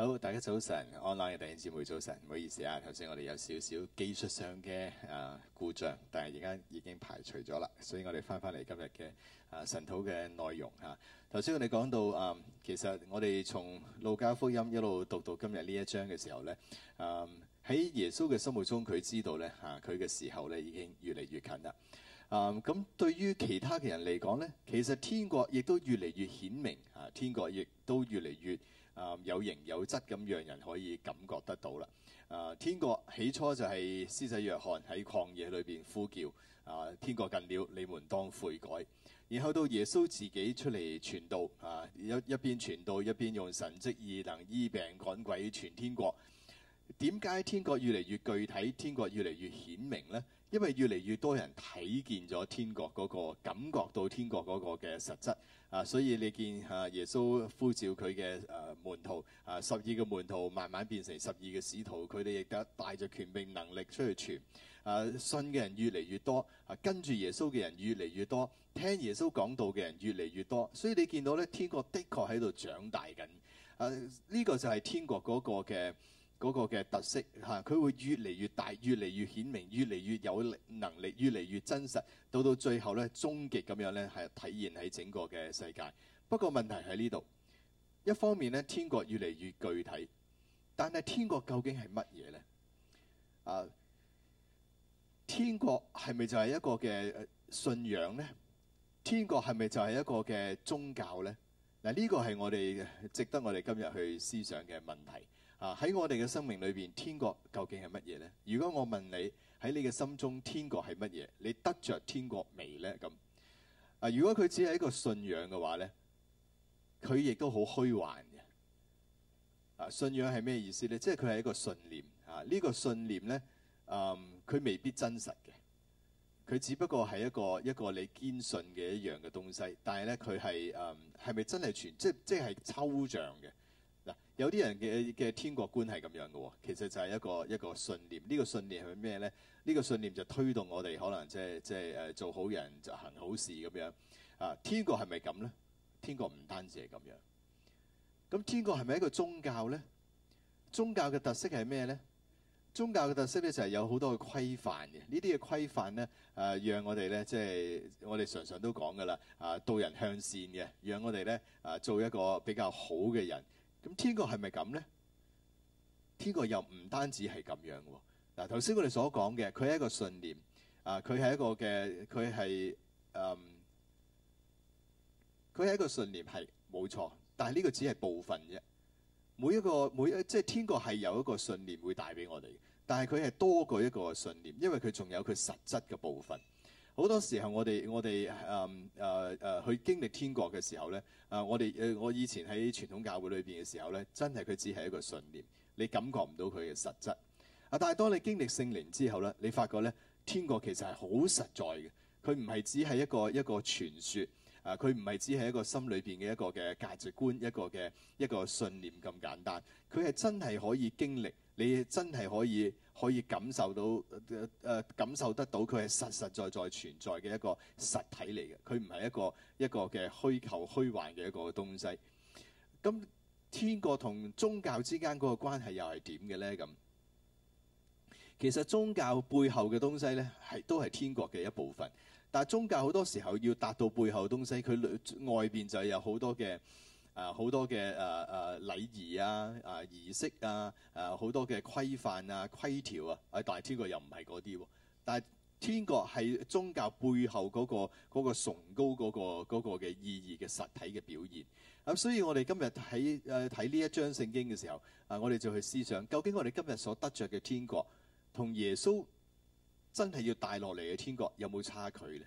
好，Hello，大家早晨，online 嘅弟兄姊妹早晨，唔好意思啊，頭先我哋有少少技術上嘅誒故障，但係而家已經排除咗啦，所以我哋翻返嚟今日嘅誒、啊、神土嘅內容嚇。頭、啊、先我哋講到誒、啊，其實我哋從路加福音一路讀到今日呢一章嘅時候咧，誒、啊、喺耶穌嘅心目中，佢知道咧嚇佢嘅時候咧已經越嚟越近啦。誒、啊、咁對於其他嘅人嚟講咧，其實天國亦都越嚟越顯明嚇、啊，天國亦都越嚟越。啊、嗯，有形有質咁，讓人可以感覺得到啦。啊，天國起初就係施洗約翰喺曠野裏邊呼叫，啊，天國近了，你們當悔改。然後到耶穌自己出嚟傳道，啊，一一邊傳道一邊用神蹟異能醫病趕鬼，傳天國。點解天國越嚟越具體，天國越嚟越顯明呢？因為越嚟越多人睇見咗天國嗰個，感覺到天國嗰個嘅實質啊，所以你見啊耶穌呼召佢嘅誒門徒啊，十二個門徒慢慢變成十二個使徒，佢哋亦都帶着權柄能力出去傳啊，信嘅人越嚟越多啊，跟住耶穌嘅人越嚟越多，聽耶穌講道嘅人越嚟越多，所以你見到咧天國的確喺度長大緊啊，呢個就係天國嗰個嘅。嗰個嘅特色嚇，佢會越嚟越大，越嚟越顯明，越嚟越有力能力，越嚟越真實。到到最後咧，終極咁樣咧，係體現喺整個嘅世界。不過問題喺呢度，一方面咧，天國越嚟越具體，但係天國究竟係乜嘢咧？啊，天國係咪就係一個嘅信仰咧？天國係咪就係一個嘅宗教咧？嗱、啊，呢、呢個係我哋值得我哋今日去思想嘅問題。啊！喺我哋嘅生命裏邊，天國究竟係乜嘢咧？如果我問你，喺你嘅心中，天國係乜嘢，你得着天國未咧？咁啊，如果佢只係一個信仰嘅話咧，佢亦都好虛幻嘅。啊，信仰係咩意思咧？即係佢係一個信念啊！呢個信念咧，嗯，佢未必真實嘅，佢只不過係一個一個你堅信嘅一樣嘅東西，但係咧，佢係嗯係咪真係全？即即係抽象嘅。有啲人嘅嘅天國觀係咁樣嘅、哦，其實就係一個一個信念。呢、這個信念係咩咧？呢、這個信念就推動我哋可能即係即係誒做好人就是、行好事咁樣。啊，天國係咪咁咧？天國唔單止係咁樣。咁天國係咪一個宗教咧？宗教嘅特色係咩咧？宗教嘅特色咧就係有好多嘅規範嘅。規範呢啲嘅規範咧誒，讓我哋咧即係我哋常常都講噶啦。啊，導人向善嘅，讓我哋咧啊，做一個比較好嘅人。咁天國係咪咁咧？天國又唔單止係咁樣喎、哦。嗱、啊，頭先我哋所講嘅，佢係一個信念，啊，佢係一個嘅，佢係，嗯，佢係一個信念係冇錯，但係呢個只係部分啫。每一個每一個即係天國係有一個信念會帶俾我哋，但係佢係多過一個信念，因為佢仲有佢實質嘅部分。好多時候我，我哋我哋誒誒誒去經歷天國嘅時候咧，誒、啊、我哋誒、啊、我以前喺傳統教會裏邊嘅時候咧，真係佢只係一個信念，你感覺唔到佢嘅實質。啊，但係當你經歷聖靈之後咧，你發覺咧，天國其實係好實在嘅，佢唔係只係一個一個傳説，啊，佢唔係只係一個心裏邊嘅一個嘅價值觀，一個嘅一個信念咁簡單，佢係真係可以經歷。你真係可以可以感受到誒、呃、感受得到佢係實實在在存在嘅一個實體嚟嘅，佢唔係一個一個嘅虛構虛幻嘅一個東西。咁天國同宗教之間嗰個關係又係點嘅呢？咁其實宗教背後嘅東西呢，係都係天國嘅一部分，但係宗教好多時候要達到背後東西，佢外邊就有好多嘅。啊，好多嘅誒誒禮儀啊，啊儀式啊，啊好多嘅規範啊、規條啊，但係天國又唔係嗰啲，但係天國係宗教背後嗰個嗰個崇高嗰個嗰個嘅意義嘅實體嘅表現咁。啊，所以我哋今日喺誒睇呢一章聖經嘅時候，啊我哋就去思想，究竟我哋今日所得着嘅天國同耶穌真係要帶落嚟嘅天國有冇差距咧？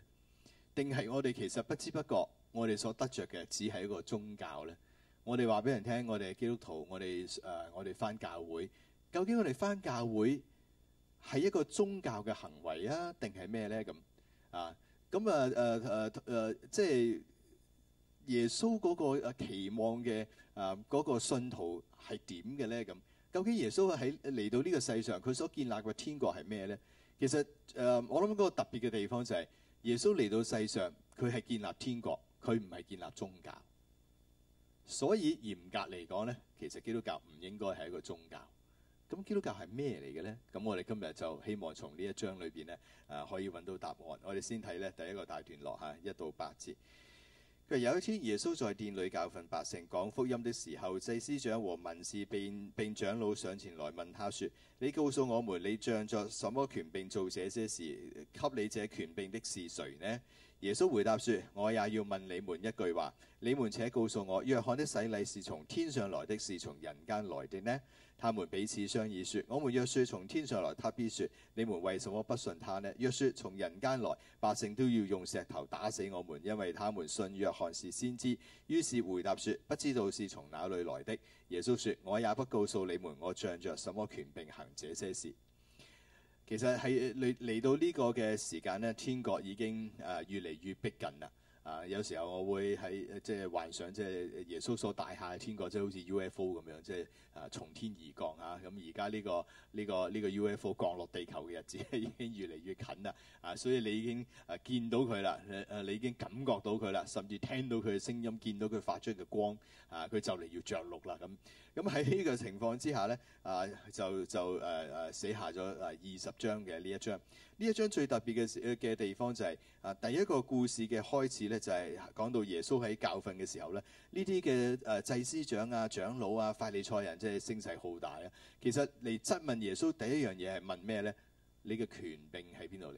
定係我哋其實不知不覺。我哋所得着嘅只係一個宗教咧。我哋話俾人聽，我哋基督徒，我哋誒、呃、我哋返教會。究竟我哋返教會係一個宗教嘅行為啊，定係咩咧？咁啊，咁啊誒誒誒，即係耶穌嗰個期望嘅誒嗰個信徒係點嘅咧？咁究竟耶穌喺嚟到呢個世上，佢所建立嘅天國係咩咧？其實誒、呃，我諗嗰個特別嘅地方就係耶穌嚟到世上，佢係建立天國。佢唔係建立宗教，所以嚴格嚟講呢，其實基督教唔應該係一個宗教。咁基督教係咩嚟嘅呢？咁我哋今日就希望從呢一章裏邊呢，誒、啊、可以揾到答案。我哋先睇呢第一個大段落嚇、啊，一到八節。佢有一天耶穌在殿裏教訓百姓講福音的時候，祭司長和文士並並長老上前來問他説：你告訴我們，你仗着什麼權柄做這些事？給你這權柄的是誰呢？耶穌回答說：我也要問你們一句話，你們且告訴我，約翰的洗禮是從天上來的，是從人間來的呢？他們彼此商議説：我們若説從天上來，他必説你們為什麼不信他呢？若説從人間來，百姓都要用石頭打死我們，因為他們信約翰是先知。於是回答説：不知道是從哪裏來的。耶穌説：我也不告訴你們，我仗著什麼權柄行這些事。其實係嚟到這個時間呢個嘅時間，天國已經，呃，越嚟越逼近啦。啊，有時候我會喺即係幻想，即係耶穌所大廈嘅天國，即係好似 UFO 咁樣，即係啊從天而降嚇、啊。咁而家呢個呢、呢個呢、呢個 UFO 降落地球嘅日子已經越嚟越近啦。啊，所以你已經啊見到佢啦，誒你已經感覺到佢啦，甚至聽到佢嘅聲音，見到佢發出嘅光，啊佢就嚟要着陸啦咁。咁喺呢個情況之下咧，啊就就誒誒、啊、寫下咗啊二十章嘅呢一章。呢一章最特別嘅嘅地方就係、是、啊，第一個故事嘅開始咧，就係、是、講到耶穌喺教訓嘅時候咧，呢啲嘅誒祭司長啊、長老啊、法利賽人即係聲勢浩大啊。其實嚟質問耶穌第一樣嘢係問咩咧？你嘅權柄喺邊度嚟？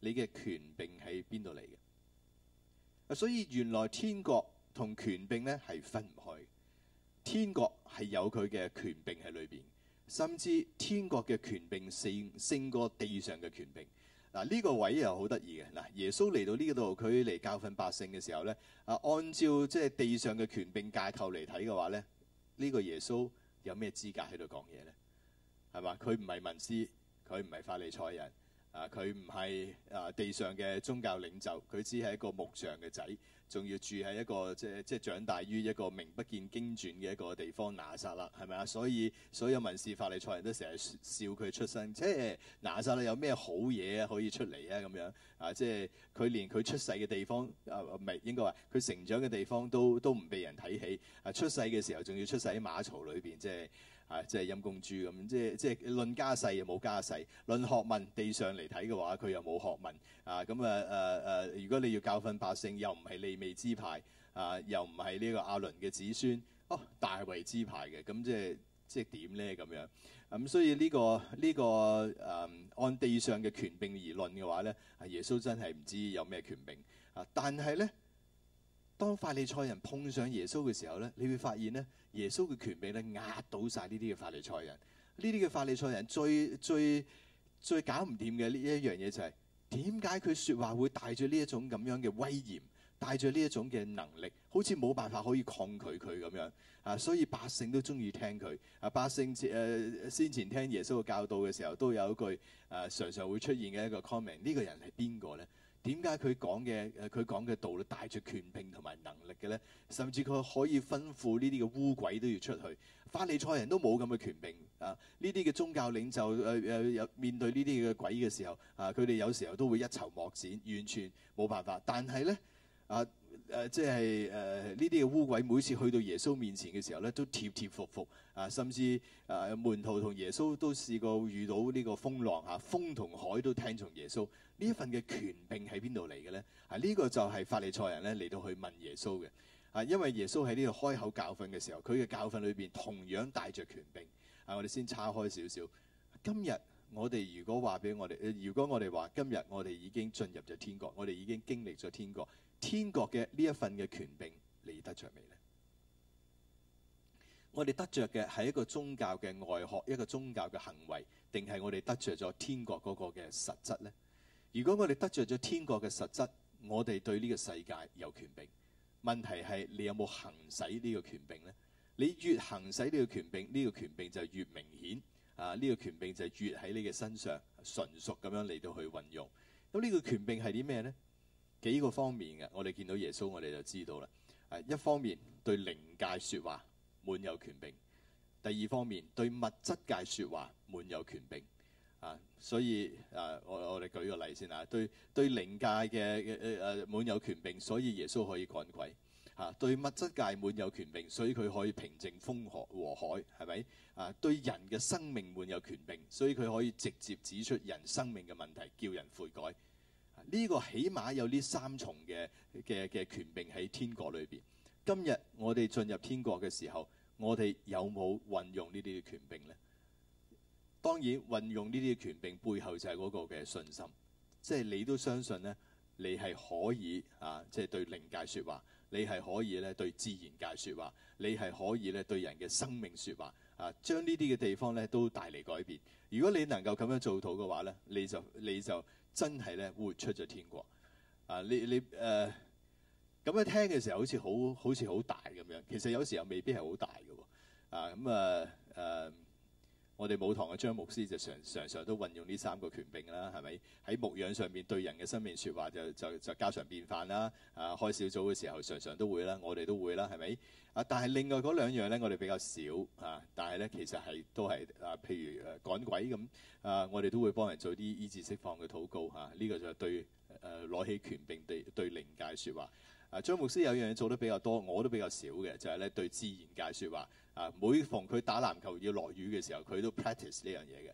你嘅權柄喺邊度嚟嘅？所以原來天國同權柄咧係分唔開，天國係有佢嘅權柄喺裏邊。甚至天國嘅權柄勝勝過地上嘅權柄嗱，呢、啊呢個位又好得意嘅嗱。耶穌嚟到呢度佢嚟教訓百姓嘅時候咧，啊，按照即係地上嘅權柄架構嚟睇嘅話咧，呢、呢個耶穌有咩資格喺度講嘢咧？係嘛？佢唔係文士，佢唔係法利賽人啊，佢唔係啊地上嘅宗教領袖，佢只係一個木匠嘅仔。仲要住喺一個即係即係長大於一個名不見經傳嘅一個地方拿撒勒，係咪啊？所以所有文士、法利賽人都成日笑佢出身，即係拿撒勒有咩好嘢可以出嚟啊？咁樣啊，即係佢連佢出世嘅地方啊唔係應該話佢成長嘅地方都都唔被人睇起啊！出世嘅時候仲要出世喺馬槽裏邊，即係。啊！即係陰公豬咁，即係即係論家世又冇家世，論學問地上嚟睇嘅話，佢又冇學問。啊！咁啊誒誒、啊，如果你要教訓百姓，又唔係利未支派，啊，又唔係呢個阿倫嘅子孫，哦，大衞支派嘅，咁、嗯、即係即係點咧咁樣？咁、嗯、所以呢、呢個呢、呢個誒、嗯，按地上嘅權柄而論嘅話咧，啊，耶穌真係唔知有咩權柄啊！但係咧，當法利賽人碰上耶穌嘅時候咧，你會發現咧。耶穌嘅權柄咧壓倒晒呢啲嘅法利賽人。呢啲嘅法利賽人最最最搞唔掂嘅呢一樣嘢就係點解佢説話會帶住呢一種咁樣嘅威嚴，帶住呢一種嘅能力，好似冇辦法可以抗拒佢咁樣啊。所以百姓都中意聽佢啊。百姓誒、啊、先前聽耶穌嘅教導嘅時候，都有一句誒、啊、常常會出現嘅一個 comment：呢個人係邊個咧？點解佢講嘅，誒，佢講嘅道理帶住權柄同埋能力嘅咧？甚至佢可以吩咐呢啲嘅污鬼都要出去。法利賽人都冇咁嘅權柄啊！呢啲嘅宗教領袖誒、誒有面對呢啲嘅鬼嘅時候啊，佢哋有時候都會一籌莫展，完全冇辦法。但係咧啊。誒、啊、即係誒呢啲嘅污鬼，每次去到耶穌面前嘅時候咧，都貼貼服服啊！甚至誒、啊、門徒同耶穌都試過遇到呢個風浪嚇、啊，風同海都聽從耶穌。呢一份嘅權柄喺邊度嚟嘅呢？啊，呢、這個就係法利賽人咧嚟到去問耶穌嘅啊！因為耶穌喺呢度開口教訓嘅時候，佢嘅教訓裏邊同樣帶着權柄啊！我哋先叉開少少。今日我哋如果話俾我哋，如果我哋話今日我哋已經進入咗天國，我哋已經經歷咗天國。天國嘅呢一份嘅權柄，你得着未咧？我哋得着嘅係一個宗教嘅外學，一個宗教嘅行為，定係我哋得着咗天國嗰個嘅實質咧？如果我哋得着咗天國嘅實質，我哋對呢個世界有權柄。問題係你有冇行使呢個權柄咧？你越行使呢個權柄，呢個權柄就越明顯啊！呢個權柄就越喺你嘅身上純熟咁樣嚟到去運用。咁呢個權柄係啲咩咧？幾個方面嘅，我哋見到耶穌，我哋就知道啦。誒，一方面對靈界説話滿有權柄；第二方面對物質界説話滿有權柄。啊，所以誒，我我哋舉個例先啦。對對靈界嘅誒誒滿有權柄，所以耶穌可以趕鬼；啊對物質界滿有權柄，所以佢可以平靜風河和海，係咪？啊，對人嘅生命滿有權柄，所以佢可以直接指出人生命嘅問題，叫人悔改。呢個起碼有呢三重嘅嘅嘅權柄喺天國裏邊。今日我哋進入天國嘅時候，我哋有冇運用呢啲權柄呢？當然，運用呢啲權柄背後就係嗰個嘅信心，即係你都相信呢，你係可以啊，即係對靈界説話，你係可以咧對自然界説話，你係可以咧對人嘅生命説話啊，將呢啲嘅地方咧都帶嚟改變。如果你能夠咁樣做到嘅話咧，你就你就。真係咧活出咗天國，啊！你你誒咁樣聽嘅時候好似好好似好大咁樣，其實有時候未必係好大嘅喎啊！咁啊誒。呃呃我哋母堂嘅張牧師就常常常都運用呢三個權柄啦，係咪？喺牧養上面對人嘅生命説話就就就家常便飯啦。啊，開小組嘅時候常常都會啦，我哋都會啦，係咪？啊，但係另外嗰兩樣咧，我哋比較少啊。但係呢，其實係都係啊，譬如誒趕鬼咁啊，我哋都會幫人做啲醫治釋放嘅禱告嚇。呢、啊這個就係對誒攞、啊、起權柄對對靈界説話。啊，張牧師有樣嘢做得比較多，我都比較少嘅，就係、是、呢對自然界説話。啊！每逢佢打籃球要落雨嘅時候，佢都 practice 呢樣嘢嘅。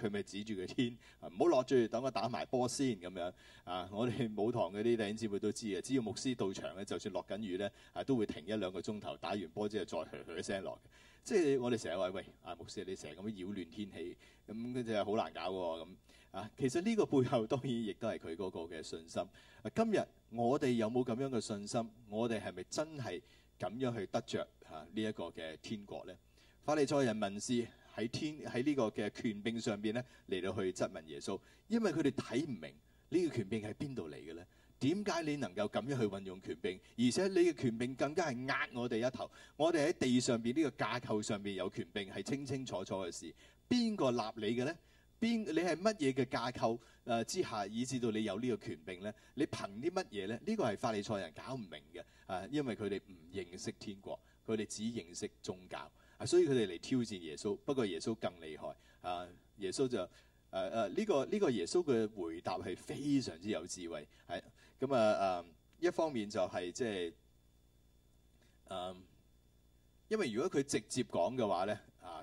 佢咪指住個天，啊，唔好落住，啊，等佢打埋波先咁樣。啊！我哋舞堂嗰啲靚姊妹都知嘅。只要牧師到場咧，就算落緊雨咧，啊都會停一兩個鐘頭，打完波之後再㗱㗱聲落。即係我哋成日話喂，啊牧師你成日咁樣擾亂天氣，咁跟住係好難搞喎咁。啊，其實呢個背後當然亦都係佢嗰個嘅信心、啊。今日我哋有冇咁樣嘅信心？我哋係咪真係？咁樣去得著嚇呢一個嘅天國咧，法利賽人問是喺天喺呢個嘅權柄上邊咧嚟到去質問耶穌，因為佢哋睇唔明呢個權柄係邊度嚟嘅咧？點解你能夠咁樣去運用權柄？而且你嘅權柄更加係壓我哋一頭，我哋喺地上邊呢個架構上邊有權柄係清清楚楚嘅事，邊個立你嘅咧？邊？你係乜嘢嘅架構誒之下，以致到你有呢個權柄咧？你憑啲乜嘢咧？呢個係法利賽人搞唔明嘅啊！因為佢哋唔認識天國，佢哋只認識宗教，啊，所以佢哋嚟挑戰耶穌。不過耶穌更厲害啊！耶穌就誒誒，啊呢個呢個耶穌嘅回答係非常之有智慧係。咁啊誒啊，一方面就係即係誒，因為如果佢直接講嘅話咧。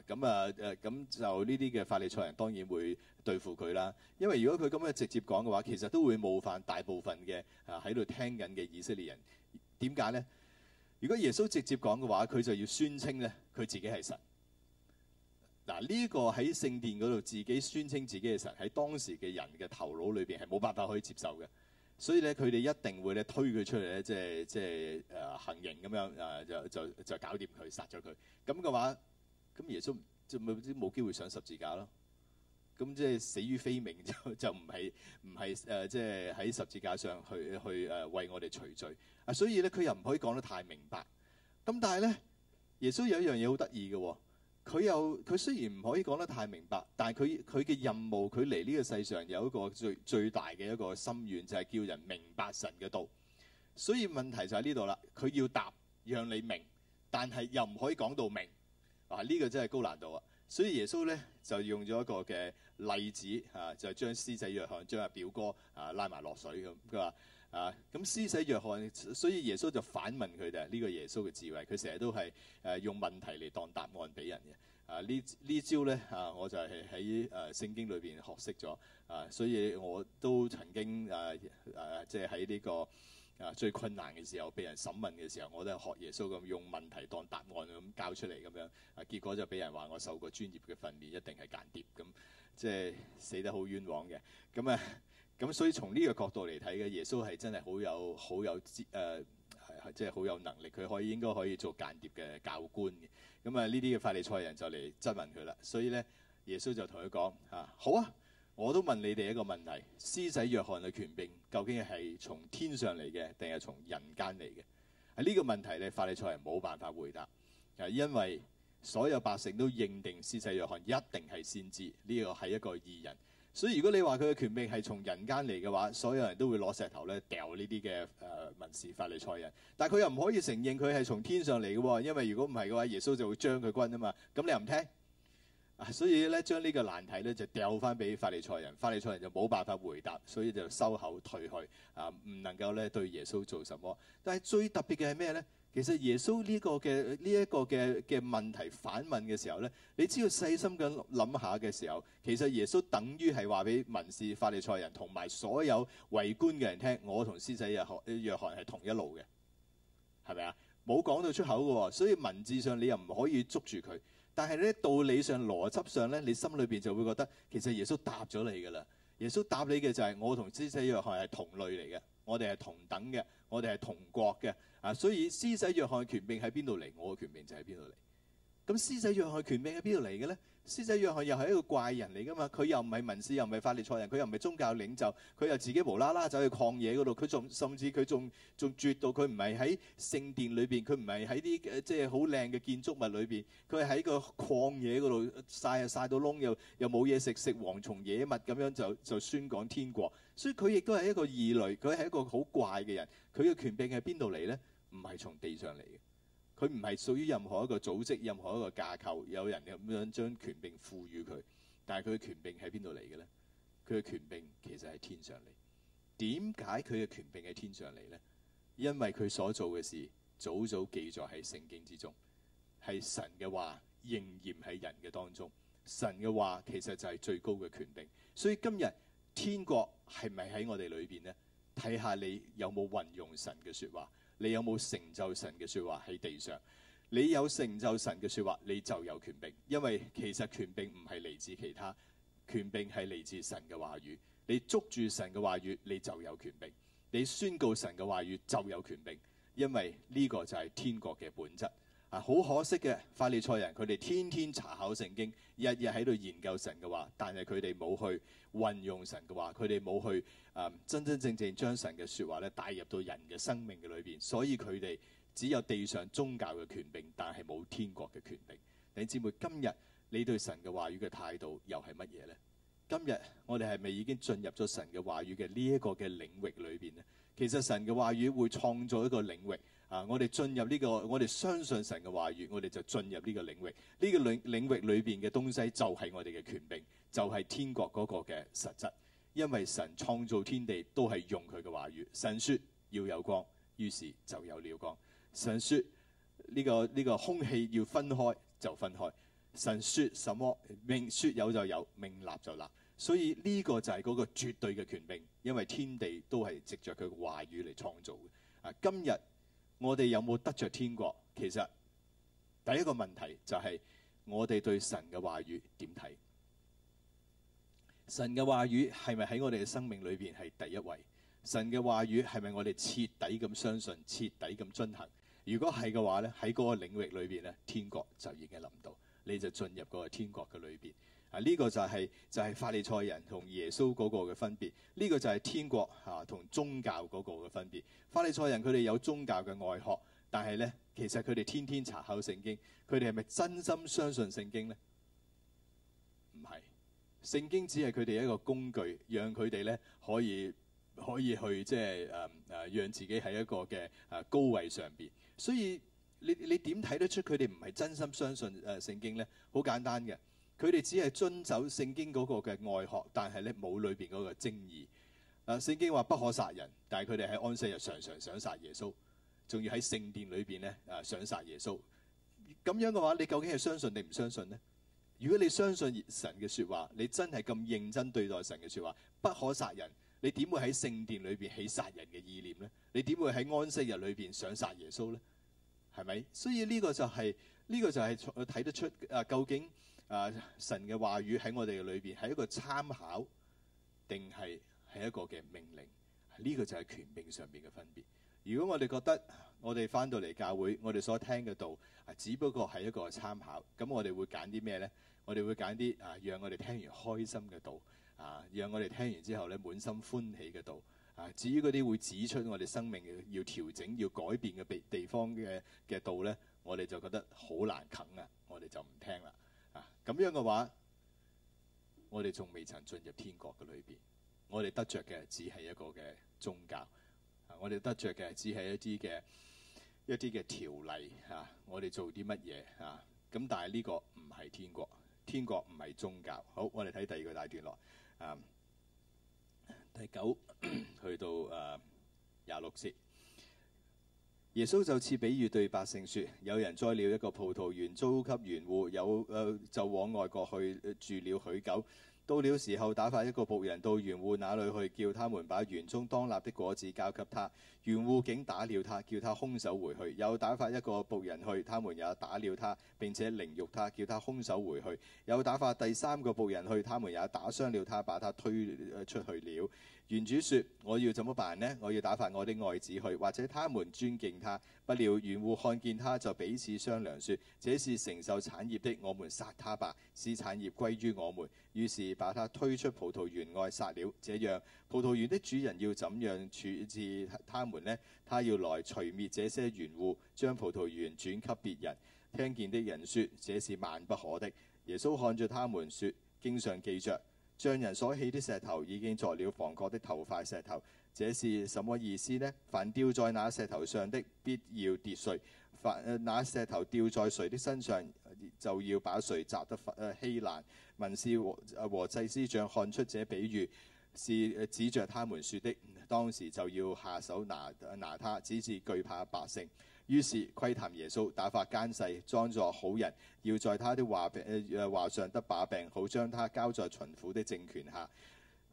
咁啊，誒咁就呢啲嘅法利賽人，當然會對付佢啦。因為如果佢咁樣直接講嘅話，其實都會冒犯大部分嘅啊喺度聽緊嘅以色列人。點解咧？如果耶穌直接講嘅話，佢就要宣稱咧佢自己係神嗱。呢個喺聖殿嗰度自己宣稱自己係神，喺當時嘅人嘅頭腦裏邊係冇辦法可以接受嘅，所以咧佢哋一定會咧推佢出嚟咧，即係即係誒行刑咁樣誒，就就就搞掂佢殺咗佢咁嘅話。咁耶穌即係冇冇機會上十字架咯，咁即係死於非命就就唔係唔係誒即係喺十字架上去去誒為我哋除罪啊！所以咧佢又唔可以講得太明白。咁但係咧耶穌有一樣嘢好得意嘅，佢又佢雖然唔可以講得太明白，但係佢佢嘅任務佢嚟呢個世上有一個最最大嘅一個心願就係叫人明白神嘅道。所以問題就喺呢度啦，佢要答讓你明，但係又唔可以講到明。嗱呢、啊呢個真係高難度啊！所以耶穌咧就用咗一個嘅例子嚇、啊，就將施洗約翰將阿表哥啊拉埋落水咁。佢話啊，咁施洗約翰，所以耶穌就反問佢哋，呢、呢個耶穌嘅智慧，佢成日都係誒、啊、用問題嚟當答案俾人嘅。啊呢呢招咧啊，我就係喺誒聖經裏邊學識咗啊，所以我都曾經誒誒即係喺呢個。啊！最困難嘅時候，被人審問嘅時候，我都係學耶穌咁，用問題當答案咁交出嚟咁樣。啊！結果就俾人話我受過專業嘅訓練，一定係間諜咁，即係死得好冤枉嘅。咁啊，咁所以從呢個角度嚟睇嘅，耶穌係真係好有好有誒即係好有能力，佢可以應該可以做間諜嘅教官嘅。咁啊，呢啲嘅法利賽人就嚟質問佢啦。所以咧，耶穌就同佢講：啊，好啊！我都問你哋一個問題：施洗約翰嘅權柄究竟係從天上嚟嘅，定係從人間嚟嘅？係呢個問題咧，法利賽人冇辦法回答，係因為所有百姓都認定施洗約翰一定係先知，呢個係一個義人。所以如果你話佢嘅權柄係從人間嚟嘅話，所有人都會攞石頭咧掉呢啲嘅誒文士法利賽人。但係佢又唔可以承認佢係從天上嚟嘅喎，因為如果唔係嘅話，耶穌就會將佢軍啊嘛。咁你又唔聽？啊、所以咧將呢個難題咧就掉翻俾法利賽人，法利賽人就冇辦法回答，所以就收口退去啊，唔能夠咧對耶穌做什麼。但係最特別嘅係咩呢？其實耶穌呢個嘅呢一個嘅嘅問題反問嘅時候呢，你只要細心噉諗下嘅時候，其實耶穌等於係話俾文士法利賽人同埋所有圍觀嘅人聽，我同施洗約約翰係同一路嘅，係咪啊？冇講到出口嘅喎，哦，所以文字上你又唔可以捉住佢。但係咧，道理上、邏輯上咧，你心裏邊就會覺得其實耶穌答咗你㗎喇。耶穌答你嘅就係、是、我同施洗約翰係同類嚟嘅，我哋係同等嘅，我哋係同國嘅。啊，所以施洗約翰嘅權柄喺邊度嚟？我嘅權柄就喺邊度嚟？咁施洗約翰嘅權柄喺邊度嚟嘅咧？施洗約翰又係一個怪人嚟噶嘛，佢又唔係文士，又唔係法利賽人，佢又唔係宗教領袖，佢又自己無啦啦走去曠野嗰度，佢仲甚至佢仲仲絕到佢唔係喺聖殿裏邊，佢唔係喺啲即係好靚嘅建築物裏邊，佢喺個曠野嗰度晒又晒到窿又又冇嘢食，食蝗蟲野蜜咁樣就就宣講天國。所以佢亦都係一個異類，佢係一個好怪嘅人，佢嘅權柄係邊度嚟呢？唔係從地上嚟嘅。佢唔係屬於任何一個組織、任何一個架構，有人咁樣將權柄賦予佢。但係佢嘅權柄喺邊度嚟嘅呢？佢嘅權柄其實喺天上嚟。點解佢嘅權柄喺天上嚟呢？因為佢所做嘅事早早記載喺聖經之中，係神嘅話仍然喺人嘅當中。神嘅話其實就係最高嘅權柄。所以今日天國係咪喺我哋裏邊呢？睇下你有冇運用神嘅説話。你有冇成就神嘅說話喺地上？你有成就神嘅說話，你就有權柄。因為其實權柄唔係嚟自其他，權柄係嚟自神嘅話語。你捉住神嘅話語，你就有權柄；你宣告神嘅話語，就有權柄。因為呢個就係天國嘅本質。啊，好可惜嘅法利賽人，佢哋天天查考聖經，日日喺度研究神嘅話，但係佢哋冇去運用神嘅話，佢哋冇去啊、嗯、真真正正將神嘅說話咧帶入到人嘅生命嘅裏邊，所以佢哋只有地上宗教嘅權柄，但係冇天國嘅權柄。你知唔知今日你對神嘅話語嘅態度又係乜嘢咧？今日我哋係咪已經進入咗神嘅話語嘅呢一個嘅領域裏邊咧？其實神嘅話語會創造一個領域。啊！我哋進入呢個，我哋相信神嘅話語，我哋就進入呢個領域。呢個領領域裏邊嘅東西就係我哋嘅權柄，就係天國嗰個嘅實質。因為神創造天地都係用佢嘅話語。神說要有光，於是就有了光。神說呢個呢個空氣要分開，就分開。神説什麼命説有就有，命立就立。所以呢個就係嗰個絕對嘅權柄，因為天地都係藉着佢嘅話語嚟創造嘅。啊，今日。我哋有冇得着天國？其實第一個問題就係、是、我哋對神嘅話語點睇？神嘅話語係咪喺我哋嘅生命裏邊係第一位？神嘅話語係咪我哋徹底咁相信、徹底咁遵行？如果係嘅話咧，喺嗰個領域裏邊咧，天國就已經臨到，你就進入嗰個天國嘅裏邊。啊！呢、這個就係、是、就係、是、法利賽人同耶穌嗰個嘅分別。呢、這個就係天國嚇、啊、同宗教嗰個嘅分別。法利賽人佢哋有宗教嘅愛學，但係咧其實佢哋天天查考聖經，佢哋係咪真心相信聖經呢？唔係，聖經只係佢哋一個工具，讓佢哋咧可以可以去即係誒誒，讓自己喺一個嘅誒高位上邊。所以你你點睇得出佢哋唔係真心相信誒聖、啊、經咧？好簡單嘅。佢哋只係遵守聖經嗰個嘅愛學，但係咧冇裏邊嗰個精義。啊，聖經話不可殺人，但係佢哋喺安息日常常想殺耶穌，仲要喺聖殿裏邊咧啊想殺耶穌咁樣嘅話，你究竟係相信定唔相信呢？如果你相信神嘅説話，你真係咁認真對待神嘅説話，不可殺人，你點會喺聖殿裏邊起殺人嘅意念呢？你點會喺安息日裏邊想殺耶穌呢？係咪？所以呢個就係，呢個就係睇得出啊，究竟。啊！神嘅話語喺我哋嘅裏邊係一個參考，定係係一個嘅命令。呢個就係權柄上面嘅分別。如果我哋覺得我哋翻到嚟教會，我哋所聽嘅道啊，只不過係一個參考，咁我哋會揀啲咩呢？我哋會揀啲啊，讓我哋聽完開心嘅道啊，讓我哋聽完之後咧滿心歡喜嘅道啊。至於嗰啲會指出我哋生命要調整、要改變嘅地方嘅嘅道呢，我哋就覺得好難啃啊，我哋就唔聽啦。咁樣嘅話，我哋仲未曾進入天國嘅裏邊，我哋得着嘅只係一個嘅宗教，啊，我哋得着嘅只係一啲嘅一啲嘅條例嚇，我哋做啲乜嘢嚇？咁但係呢個唔係天國，天國唔係宗教。好，我哋睇第二個大段落，啊，第九 去到啊廿六節。耶穌就似比喻對百姓說：“有人栽了一個葡萄園，租給園戶，有誒、呃、就往外國去住了許久。到了時候，打發一個僕人到園戶那裏去，叫他們把園中當納的果子交給他。園戶竟打了他，叫他空手回去。又打發一個僕人去，他們也打了他，並且凌辱他，叫他空手回去。又打發第三個僕人去，他們也打傷了他，把他推出去了。園主說：我要怎麼辦呢？我要打發我的愛子去，或者他們尊敬他。不料園戶看見他，就彼此商量說：這是承受產業的，我們殺他吧，使產業歸於我們。於是把他推出葡萄園外殺了，這樣葡萄園的主人要怎樣處置他們呢？他要來除滅這些園戶，將葡萄園轉給別人。聽見的人說這是萬不可的。耶穌看着他們說：經常記着，匠人所棄的石頭，已經作了房角的頭塊石頭。這是什麼意思呢？凡掉在那石頭上的，必要跌碎；凡那、呃、石頭掉在誰的身上？就要把誰砸得誒稀爛。文士和和祭司長看出這比喻是指着他們説的，當時就要下手拿拿他，只是懼怕百姓，於是窺探耶穌，打發奸細，裝作好人，要在他的話誒誒話上得把柄，好，將他交在巡撫的政權下。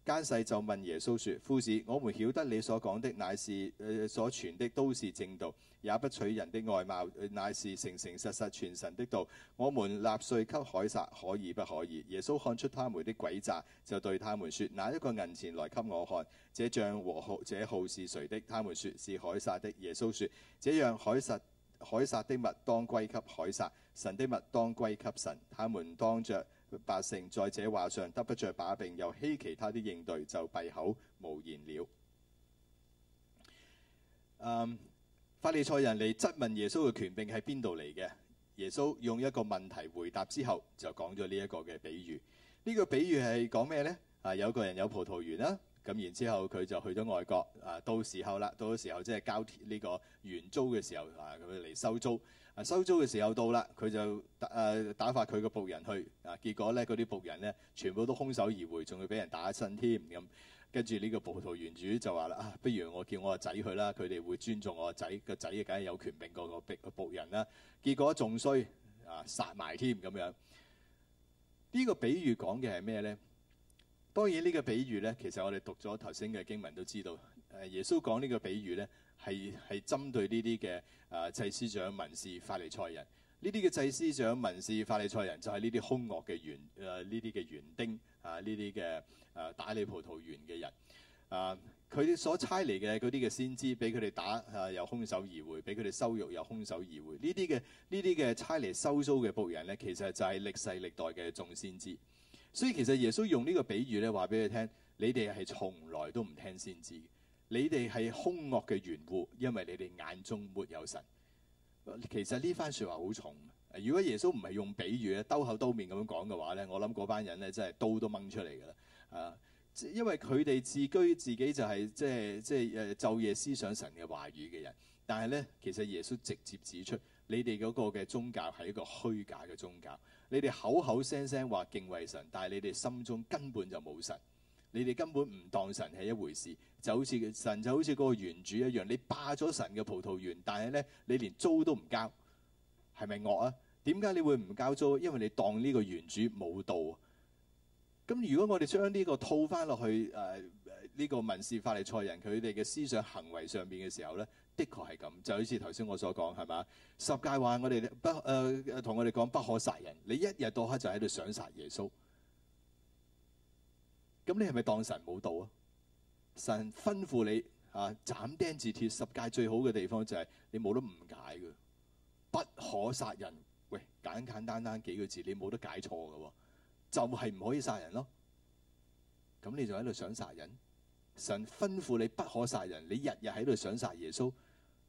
奸細就問耶穌說：夫子，我們曉得你所講的乃是，呃，所傳的都是正道，也不取人的外貌，呃、乃是誠誠實實傳神的道。我們納稅給海撒可以不可以？耶穌看出他們的詭詐，就對他們說：拿一個銀錢來給我看，這帳和這號是誰的？他們說是海撒的。耶穌說：這樣海撒，海撒的物當歸給海撒，神的物當歸給神。他們當着……百姓在這話上得不着把柄，又希奇他的應對，就閉口無言了。嗯、um，法利賽人嚟質問耶穌嘅權柄喺邊度嚟嘅？耶穌用一個問題回答之後，就講咗呢一個嘅比喻。呢、這個比喻係講咩呢？啊，有個人有葡萄園啦、啊，咁然之後佢就去咗外國。啊，到時候啦，到時候即係交呢個原租嘅時候，啊，佢嚟收租。收租嘅時候到啦，佢就誒打發佢個僕人去，啊，結果咧，嗰啲僕人咧全部都空手而回，仲要俾人打身添咁。跟住呢個葡萄園主就話啦：啊，不如我叫我個仔去啦，佢哋會尊重我個仔。個仔梗係有權柄過個僕僕人啦、啊。結果仲衰，啊，殺埋添咁樣。呢、這個比喻講嘅係咩咧？當然呢個比喻咧，其實我哋讀咗頭先嘅經文都知道，誒、啊、耶穌講呢個比喻咧，係係針對呢啲嘅誒祭司長、文士、法利賽人，呢啲嘅祭司長、文士、法利賽人就係呢啲兇惡嘅園誒，呢啲嘅園丁啊，呢啲嘅誒打理葡萄園嘅人啊，佢哋所差嚟嘅嗰啲嘅先知，俾佢哋打誒又空手而回，俾佢哋羞辱又空手而回，呢啲嘅呢啲嘅差嚟收租嘅僕人咧，其實就係歷世歷代嘅眾先知，所以其實耶穌用呢個比喻咧，話俾佢聽，你哋係從來都唔聽先知。你哋係兇惡嘅緣故，因為你哋眼中沒有神。其實呢番説話好重。如果耶穌唔係用比喻啊，兜口兜面咁樣講嘅話咧，我諗嗰班人咧真係刀都掹出嚟㗎啦。因為佢哋自居自己就係、是、即係即係誒晝夜思想神嘅話語嘅人，但係咧其實耶穌直接指出，你哋嗰個嘅宗教係一個虛假嘅宗教。你哋口口聲聲話敬畏神，但係你哋心中根本就冇神。你哋根本唔當神係一回事，就好似神就好似嗰個園主一樣，你霸咗神嘅葡萄園，但係咧你連租都唔交，係咪惡啊？點解你會唔交租？因為你當呢個園主冇道、啊。咁如果我哋將呢個套翻落去誒呢、呃呢個民事法利賽人佢哋嘅思想行為上邊嘅時候咧，的確係咁，就好似頭先我所講係嘛？十戒話我哋不誒同、呃、我哋講不可殺人，你一日到黑就喺度想殺耶穌。咁你係咪當神冇到啊？神吩咐你啊，斬釘截鐵十戒最好嘅地方就係你冇得誤解嘅，不可殺人。喂，簡簡單單幾個字，你冇得解錯嘅喎，就係、是、唔可以殺人咯。咁你就喺度想殺人？神吩咐你不可殺人，你日日喺度想殺耶穌。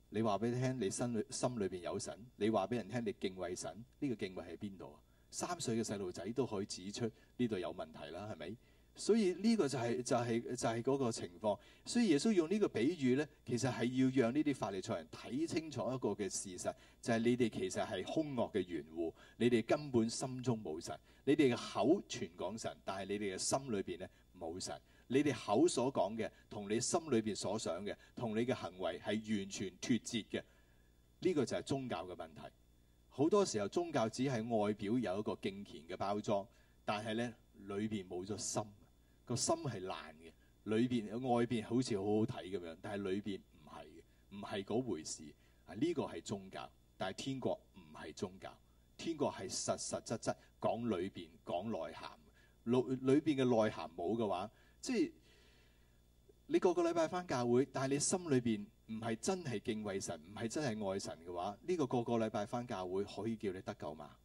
你話俾你聽，你心裏心裏邊有神。你話俾人聽，你敬畏神。呢、這個敬畏喺邊度啊？三歲嘅細路仔都可以指出呢度有問題啦，係咪？所以呢個就係就係就係嗰個情況，所以耶穌用呢個比喻咧，其實係要讓呢啲法利賽人睇清楚一個嘅事實，就係你哋其實係兇惡嘅園戶，你哋根本心中冇神，你哋嘅口全講神，但係你哋嘅心裏邊咧冇神。你哋口所講嘅同你心裏邊所想嘅同你嘅行為係完全脫節嘅。呢個就係宗教嘅問題，好多時候宗教只係外表有一個敬虔嘅包裝，但係咧裏邊冇咗心。個心係爛嘅，裏邊外邊好似好好睇咁樣，但係裏邊唔係嘅，唔係嗰回事。啊，呢、這個係宗教，但係天國唔係宗教，天國係實實質質講裏邊講內涵。裏裏邊嘅內涵冇嘅話，即係你個個禮拜返教會，但係你心裏邊唔係真係敬畏神，唔係真係愛神嘅話，呢、這個個個禮拜返教會可以叫你得救嘛？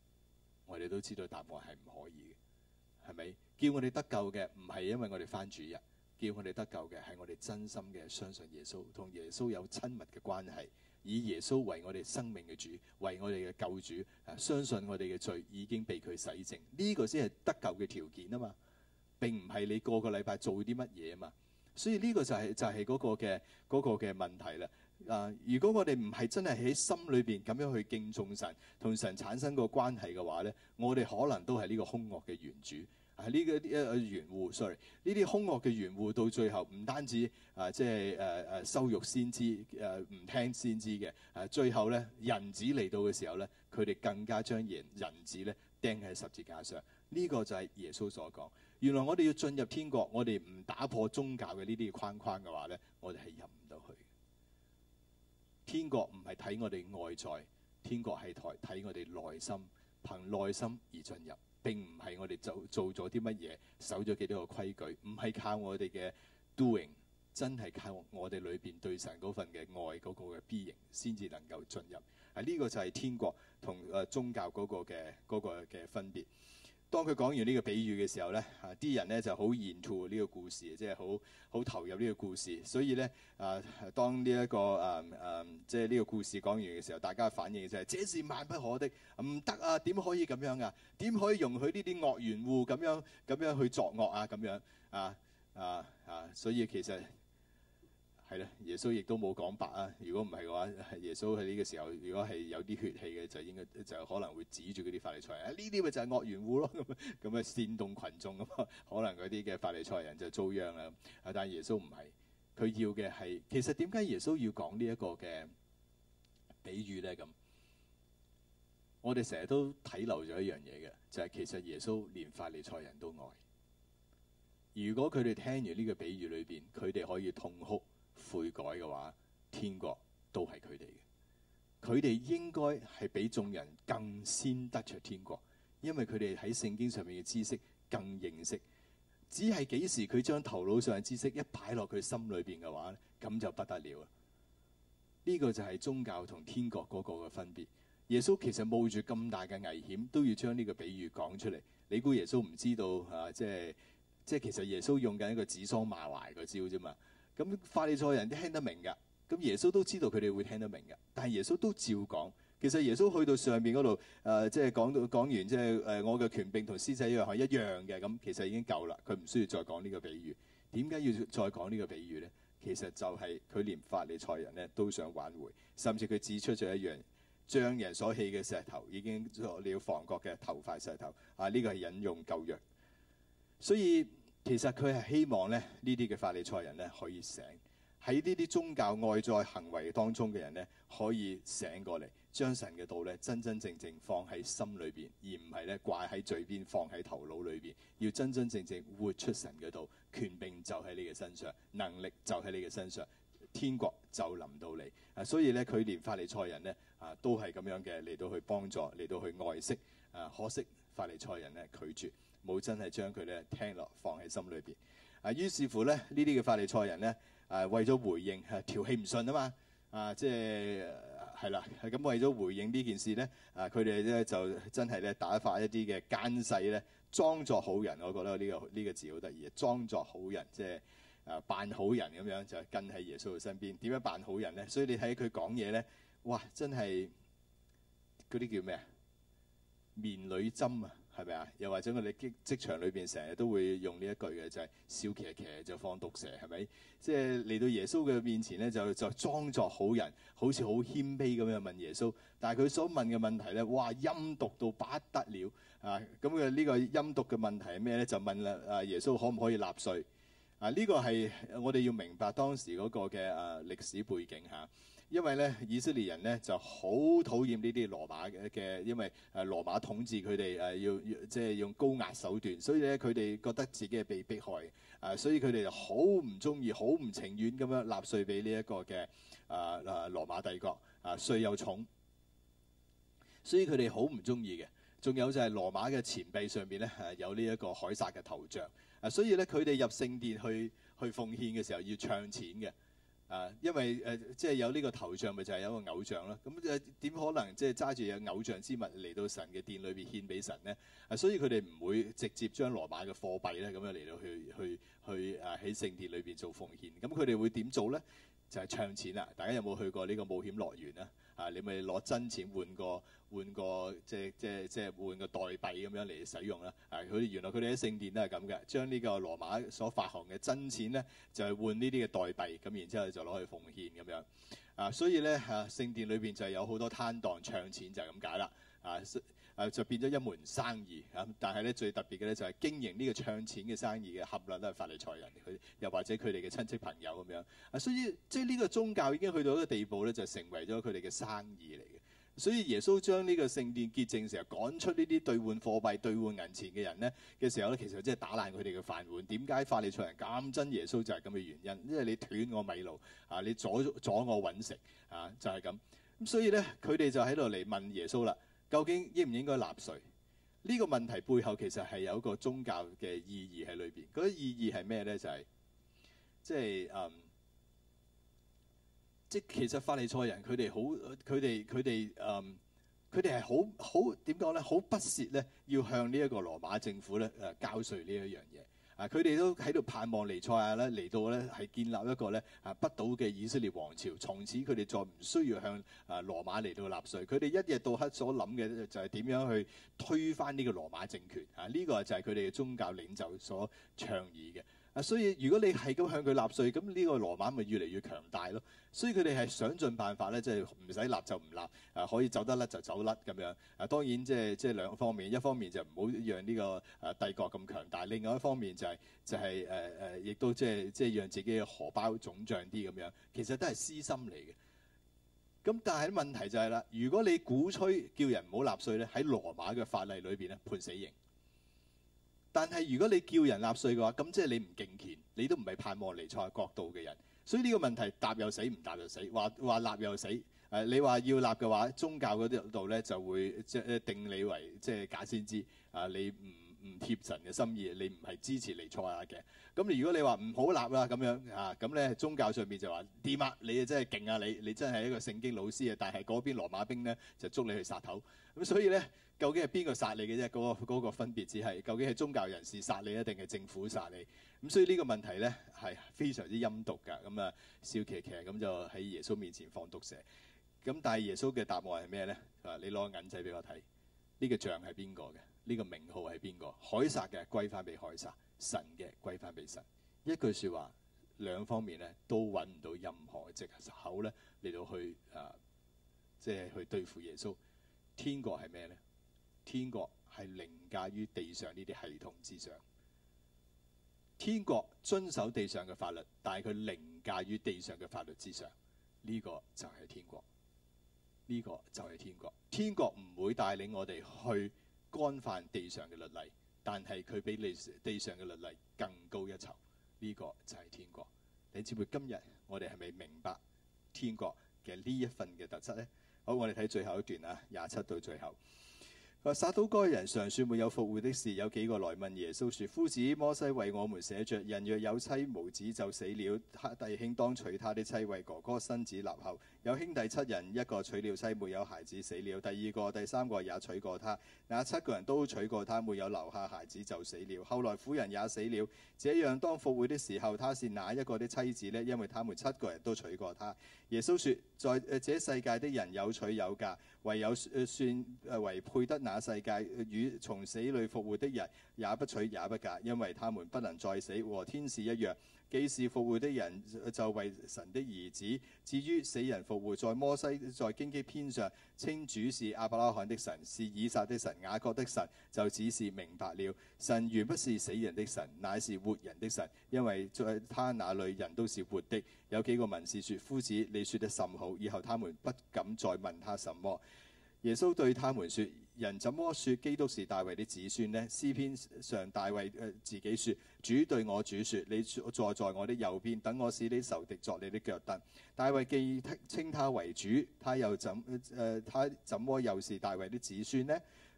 我哋都知道答案係唔可以嘅，係咪？叫我哋得救嘅唔係因為我哋翻主日，叫我哋得救嘅係我哋真心嘅相信耶穌，同耶穌有親密嘅關係，以耶穌為我哋生命嘅主，為我哋嘅救主。啊，相信我哋嘅罪已經被佢洗淨，呢個先係得救嘅條件啊嘛，並唔係你個個禮拜做啲乜嘢啊嘛。所以呢個就係就係嗰個嘅嗰個嘅問題啦。啊，如果我哋唔係真係喺心裏邊咁樣去敬重神，同神產生個關係嘅話咧，我哋可能都係呢個兇惡嘅原主。係呢個啲誒園戶，sorry，呢啲兇惡嘅園戶，到最後唔單止誒即係誒誒羞辱先知，誒、啊、唔聽先知嘅，誒、啊、最後咧人子嚟到嘅時候咧，佢哋更加將人人子咧釘喺十字架上。呢、這個就係耶穌所講。原來我哋要進入天國，我哋唔打破宗教嘅呢啲框框嘅話咧，我哋係入唔到去。天國唔係睇我哋外在，天國係睇我哋內心，憑內心而進入。並唔係我哋做做咗啲乜嘢，守咗幾多個規矩，唔係靠我哋嘅 doing，真係靠我哋裏邊對神嗰份嘅愛嗰個嘅 being，先至能夠進入。啊，呢、這個就係天國同誒、呃、宗教嗰個嘅、那個嘅分別。當佢講完呢個比喻嘅時候咧，嚇、啊、啲人咧就好 into 呢個故事，即係好好投入呢個故事。所以咧，啊，當呢、這、一個啊啊，即係呢個故事講完嘅時候，大家反應就係、是、這是萬不可的，唔得啊，點可以咁樣啊？點可以容許呢啲惡園戶咁樣咁樣去作惡啊？咁樣啊啊啊！所以其實。係咧，耶穌亦都冇講白啊！如果唔係嘅話，耶穌喺呢個時候，如果係有啲血氣嘅，就應該就可能會指住嗰啲法利賽人啊！呢啲咪就係惡園戶咯，咁啊煽動群眾啊，可能嗰啲嘅法利賽人就遭殃啦！但係耶穌唔係，佢要嘅係其實點解耶穌要講呢一個嘅比喻咧？咁我哋成日都睇漏咗一樣嘢嘅，就係、是、其實耶穌連法利賽人都愛。如果佢哋聽完呢個比喻裏邊，佢哋可以痛哭。悔改嘅話，天國都係佢哋嘅。佢哋應該係比眾人更先得出天國，因為佢哋喺聖經上面嘅知識更認識。只係幾時佢將頭腦上嘅知識一擺落佢心裏邊嘅話，咁就不得了啦。呢、呢個就係宗教同天國嗰個嘅分別。耶穌其實冒住咁大嘅危險，都要將呢個比喻講出嚟。你估耶穌唔知道嚇、啊？即係即係，其實耶穌用緊一個指桑罵槐嘅招啫嘛。咁法利賽人都聽得明嘅，咁耶穌都知道佢哋會聽得明嘅，但係耶穌都照講。其實耶穌去到上面嗰度，誒即係講到講完即係誒我嘅權柄同師仔一樣係一樣嘅，咁、嗯、其實已經夠啦，佢唔需要再講呢個比喻。點解要再講呢個比喻咧？其實就係佢連法利賽人咧都想挽回，甚至佢指出咗一樣，匠人所棄嘅石頭已經作了房角嘅頭塊石頭。啊，呢、這個係引用舊約，所以。其實佢係希望咧，呢啲嘅法利賽人咧可以醒，喺呢啲宗教外在行為當中嘅人咧可以醒過嚟，將神嘅道咧真真正正放喺心裏邊，而唔係咧掛喺嘴邊，放喺頭腦裏邊，要真真正正活出神嘅道。權柄就喺你嘅身上，能力就喺你嘅身上，天國就臨到你。啊，所以咧，佢連法利賽人咧啊都係咁樣嘅嚟到去幫助，嚟到去愛惜。啊，可惜法利賽人咧拒絕。冇真係將佢咧聽落放喺心裏邊啊，於是乎咧呢啲嘅法利賽人咧，誒、啊、為咗回應誒、啊、條氣唔順啊嘛啊，即係係啦，係、啊、咁、啊、為咗回應呢件事咧，啊佢哋咧就真係咧打發一啲嘅奸細咧，裝作好人。我覺得呢、呢個呢、呢個字好得意，裝作好人，即係誒扮好人咁樣就係跟喺耶穌嘅身邊。點樣扮好人咧？所以你睇佢講嘢咧，哇！真係嗰啲叫咩啊？棉裏針啊！係咪啊？又或者我哋職職場裏邊成日都會用呢一句嘅，就係、是、笑騎騎就放毒蛇，係咪？即係嚟到耶穌嘅面前咧，就就裝作好人，好似好謙卑咁樣問耶穌。但係佢所問嘅問題咧，哇陰毒到不得了啊！咁嘅呢個陰毒嘅問題係咩咧？就問啊耶穌可唔可以納稅啊？呢、這個係我哋要明白當時嗰個嘅啊歷史背景嚇。啊因為咧，以色列人咧就好討厭呢啲羅馬嘅，因為誒、啊、羅馬統治佢哋誒要，要，要即係用高壓手段，所以咧佢哋覺得自己係被迫害，啊，所以佢哋就好唔中意、好唔情願咁樣納稅俾呢一個嘅啊啊羅馬帝國啊，稅又重，所以佢哋好唔中意嘅。仲有就係羅馬嘅錢幣上邊咧，係有呢一個凱撒嘅頭像，啊，所以咧佢哋入聖殿去去奉獻嘅時候要唱錢嘅。啊，因為誒、啊、即係有呢個頭像，咪就係有個偶像咯。咁誒點可能即係揸住有偶像之物嚟到神嘅殿裏邊獻俾神呢？啊，所以佢哋唔會直接將羅馬嘅貨幣咧咁樣嚟到去去去誒喺、啊、聖殿裏邊做奉獻。咁佢哋會點做呢？就係唱錢啦！大家有冇去過呢個冒險樂園咧？啊，你咪攞真錢換個換個，換個即即即換個代幣咁樣嚟使用啦！啊，佢原來佢哋喺聖殿都係咁嘅，將呢個羅馬所發行嘅真錢咧，就係換呢啲嘅代幣咁，然之後就攞去奉獻咁樣。啊，所以咧嚇、啊、聖殿裏邊就係有好多攤檔唱錢就係咁解啦！啊。啊，就變咗一門生意嚇、啊，但係咧最特別嘅咧就係經營呢個唱錢嘅生意嘅合約都係法利賽人，佢又或者佢哋嘅親戚朋友咁樣啊，所以即係呢個宗教已經去到一個地步咧，就成為咗佢哋嘅生意嚟嘅。所以耶穌將呢個聖殿潔淨嘅時候趕出呢啲兌換貨幣、兌換銀錢嘅人咧嘅時候咧，其實即係打爛佢哋嘅飯碗。點解法利賽人咁憎耶穌就係咁嘅原因。因為你斷我米路啊，你阻阻我揾食啊，就係、是、咁。咁所以咧，佢哋就喺度嚟問耶穌啦。究竟應唔應該納稅？呢個問題背後其實係有一個宗教嘅意義喺裏邊，嗰啲意義係咩咧？就係即係誒，即係其實法利賽人佢哋好，佢哋佢哋誒，佢哋係好好點講咧？好不屑咧，要向呢一個羅馬政府咧誒交稅呢一樣嘢。啊！佢哋都喺度盼望彌賽亞咧，嚟到咧係建立一個咧啊不倒嘅以色列王朝，從此佢哋再唔需要向啊羅馬嚟到納稅。佢哋一日到黑所諗嘅就係點樣去推翻呢個羅馬政權啊！呢、呢個就係佢哋嘅宗教領袖所倡議嘅。啊，所以如果你係咁向佢納稅，咁呢個羅馬咪越嚟越強大咯。所以佢哋係想盡辦法咧，即係唔使納就唔納，啊可以走得甩就走甩咁樣。啊，當然即係即係兩方面，一方面就唔好讓呢個啊帝國咁強大，另外一方面就係、是、就係誒誒，亦、啊啊、都即係即係讓自己嘅荷包腫脹啲咁樣。其實都係私心嚟嘅。咁、啊、但係問題就係、是、啦，如果你鼓吹叫人唔好納稅咧，喺羅馬嘅法例裏邊咧判死刑。但係如果你叫人納稅嘅話，咁即係你唔敬虔，你都唔係派莫尼賽國度嘅人。所以呢個問題，答又死，唔答又死。話話納又死，誒、呃、你話要納嘅話，宗教嗰度咧就會即係定你為即係假先知啊、呃！你唔。唔貼神嘅心意，你唔係支持彌賽亞嘅。咁如果你話唔好立啦咁樣啊，咁咧宗教上面就話點啊？你啊真係勁啊！你你真係一個聖經老師啊！但係嗰邊羅馬兵咧就捉你去殺頭。咁所以咧，究竟係邊個殺你嘅啫？嗰個嗰個分別只係究竟係宗教人士殺你，定係政府殺你？咁所以呢個問題咧係非常之陰毒㗎。咁啊，笑騎騎咁就喺耶穌面前放毒蛇。咁但係耶穌嘅答案係咩咧？話你攞個銀仔俾我睇，呢個像係邊個嘅？呢個名號係邊個？海撒嘅歸翻俾海撒，神嘅歸翻俾神。一句説話，兩方面咧都揾唔到任何嘅藉口咧嚟到去啊、呃，即係去對付耶穌。天國係咩咧？天國係凌駕於地上呢啲系統之上。天國遵守地上嘅法律，但係佢凌駕於地上嘅法律之上。呢、這個就係天國，呢、這個就係天國。天國唔會帶領我哋去干犯地上嘅律例，但係佢比地地上嘅律例更高一籌，呢、這個就係天國。你知唔知今日我哋係咪明白天國嘅呢一份嘅特質呢？好，我哋睇最後一段啊，廿七到最後。話撒都該人，常説沒有復活的事。有幾個來問耶穌說，説：夫子，摩西為我們寫着，人若有妻無子就死了；他弟兄當娶他的妻，為哥哥生子立後。有兄弟七人，一個娶了妻沒有孩子死了；第二個、第三個也娶過他，那七個人都娶過他沒有留下孩子就死了。後來婦人也死了。這樣當復活的時候，他是哪一個的妻子呢？因為他們七個人都娶過他。耶穌説：在誒、呃、這世界的人有娶有嫁。唯有算誒為配得那世界與從死裏復活的人。也不娶也不嫁，因為他們不能再死，和天使一樣，既是復活的人，就為神的兒子。至於死人復活，在摩西在經記篇荊棘篇上稱主是亞伯拉罕的神，是以撒的神，雅各的神，就只是明白了神原不是死人的神，乃是活人的神，因為在他那裏人都是活的。有幾個文士說，夫子，你說得甚好，以後他們不敢再問他什麼。耶穌對他們説：人怎麼説基督是大衛的子孫呢？詩篇上大衛自己説：主對我主説：你坐在我的右邊，等我使你仇敵作你的腳凳。大衛既稱他為主，他又怎麼？呃、他怎麼又是大衛的子孫呢？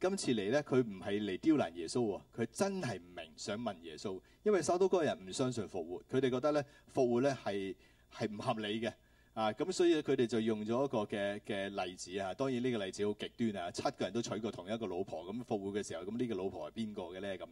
今次嚟呢，佢唔係嚟刁難耶穌喎，哦，佢真係唔明，想問耶穌，因為撒都該人唔相信復活，佢哋覺得呢，復活呢係係唔合理嘅啊，咁所以佢哋就用咗一個嘅嘅例子啊，當然呢個例子好極端啊，七個人都娶過同一個老婆，咁復活嘅時候，咁呢個老婆係邊個嘅呢？咁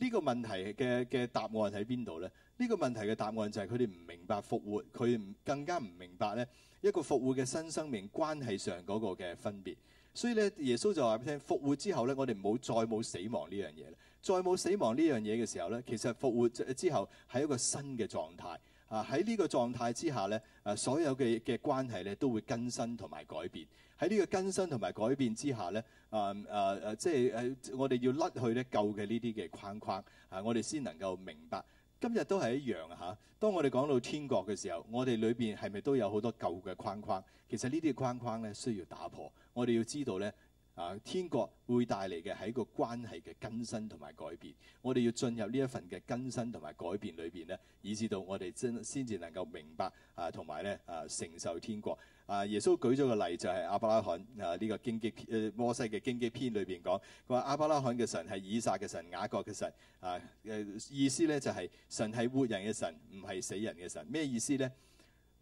呢個問題嘅嘅答案喺邊度呢？呢、呢個問題嘅答案就係佢哋唔明白復活，佢唔更加唔明白呢一個復活嘅新生命關係上嗰個嘅分別。所以咧，耶穌就話俾你聽，復活之後咧，我哋唔好再冇死亡呢樣嘢啦。再冇死亡呢樣嘢嘅時候咧，其實復活之後係一個新嘅狀態。啊，喺呢個狀態之下咧，啊所有嘅嘅關係咧都會更新同埋改變。喺呢個更新同埋改變之下咧，啊啊啊，即係我哋要甩去咧舊嘅呢啲嘅框框啊，我哋先能夠明白。今日都係一樣啊！嚇，當我哋講到天國嘅時候，我哋裏邊係咪都有好多舊嘅框框？其實呢啲框框咧需要打破。我哋要知道咧，啊，天國會帶嚟嘅係一個關係嘅更新同埋改變。我哋要進入呢一份嘅更新同埋改變裏邊咧，以至到我哋真先至能夠明白啊，同埋咧啊，承受天國。啊！Uh, 耶穌舉咗個例就係、是、亞伯拉罕啊，呢、這個經紀誒、啊、摩西嘅經紀篇裏邊講，佢話亞伯拉罕嘅神係以撒嘅神、雅各嘅神啊。誒意思咧就係、是、神係活人嘅神，唔係死人嘅神。咩意思咧？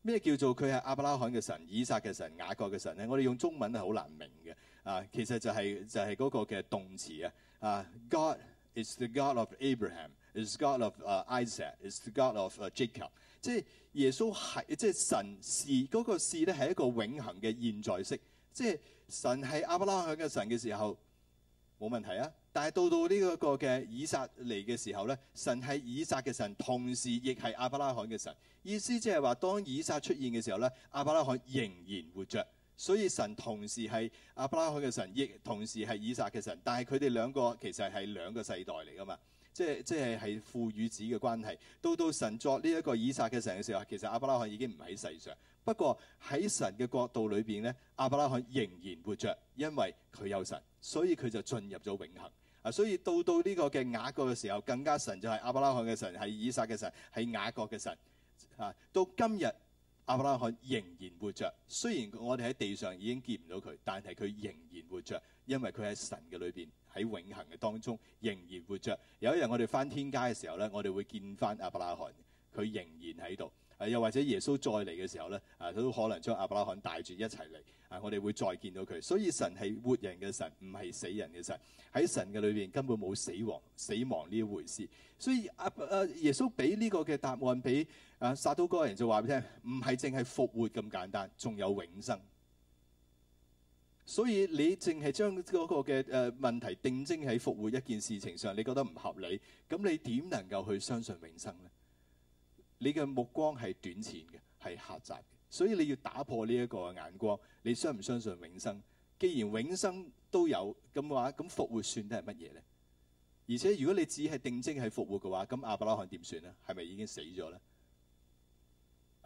咩叫做佢係亞伯拉罕嘅神、以撒嘅神、雅各嘅神咧？我哋用中文係好難明嘅啊。其實就係、是、就係、是、嗰個嘅動詞啊。啊、uh,，God is the God of Abraham, is God of Isaac, is the God of Jacob。即係耶穌係，即係神事、那個、事是嗰個是咧，係一個永恆嘅現在式。即係神係阿伯拉罕嘅神嘅時候冇問題啊，但係到到呢一個嘅以撒嚟嘅時候咧，神係以撒嘅神，同時亦係阿伯拉罕嘅神。意思即係話當以撒出現嘅時候咧，阿伯拉罕仍然活着，所以神同時係阿伯拉罕嘅神，亦同時係以撒嘅神。但係佢哋兩個其實係兩個世代嚟噶嘛。即係父與子嘅關係，到到神作呢一個以撒嘅神嘅時候，其實亞伯拉罕已經唔喺世上。不過喺神嘅角度裏邊呢，亞伯拉罕仍然活着，因為佢有神，所以佢就進入咗永恆。啊，所以到到呢個嘅雅各嘅時候，更加神就係亞伯拉罕嘅神，係以撒嘅神，係雅各嘅神。啊，到今日。亞伯拉罕仍然活着，雖然我哋喺地上已經見唔到佢，但係佢仍然活着，因為佢喺神嘅裏邊喺永恆嘅當中仍然活着。有一日我哋翻天街嘅時候咧，我哋會見翻亞伯拉罕，佢仍然喺度。啊，又或者耶穌再嚟嘅時候咧，啊，都可能將亞伯拉罕帶住一齊嚟。啊，我哋會再見到佢。所以神係活人嘅神，唔係死人嘅神。喺神嘅裏邊根本冇死亡、死亡呢一回事。所以阿、啊、誒、啊、耶穌俾呢個嘅答案俾。啊！撒都該人就話俾你聽，唔係淨係復活咁簡單，仲有永生。所以你淨係將嗰個嘅誒問題定睛喺復活一件事情上，你覺得唔合理咁，你點能夠去相信永生呢？你嘅目光係短淺嘅，係狹窄嘅，所以你要打破呢一個眼光。你相唔相信永生？既然永生都有咁嘅話，咁復活算得係乜嘢咧？而且如果你只係定睛喺復活嘅話，咁亞伯拉罕點算咧？係咪已經死咗咧？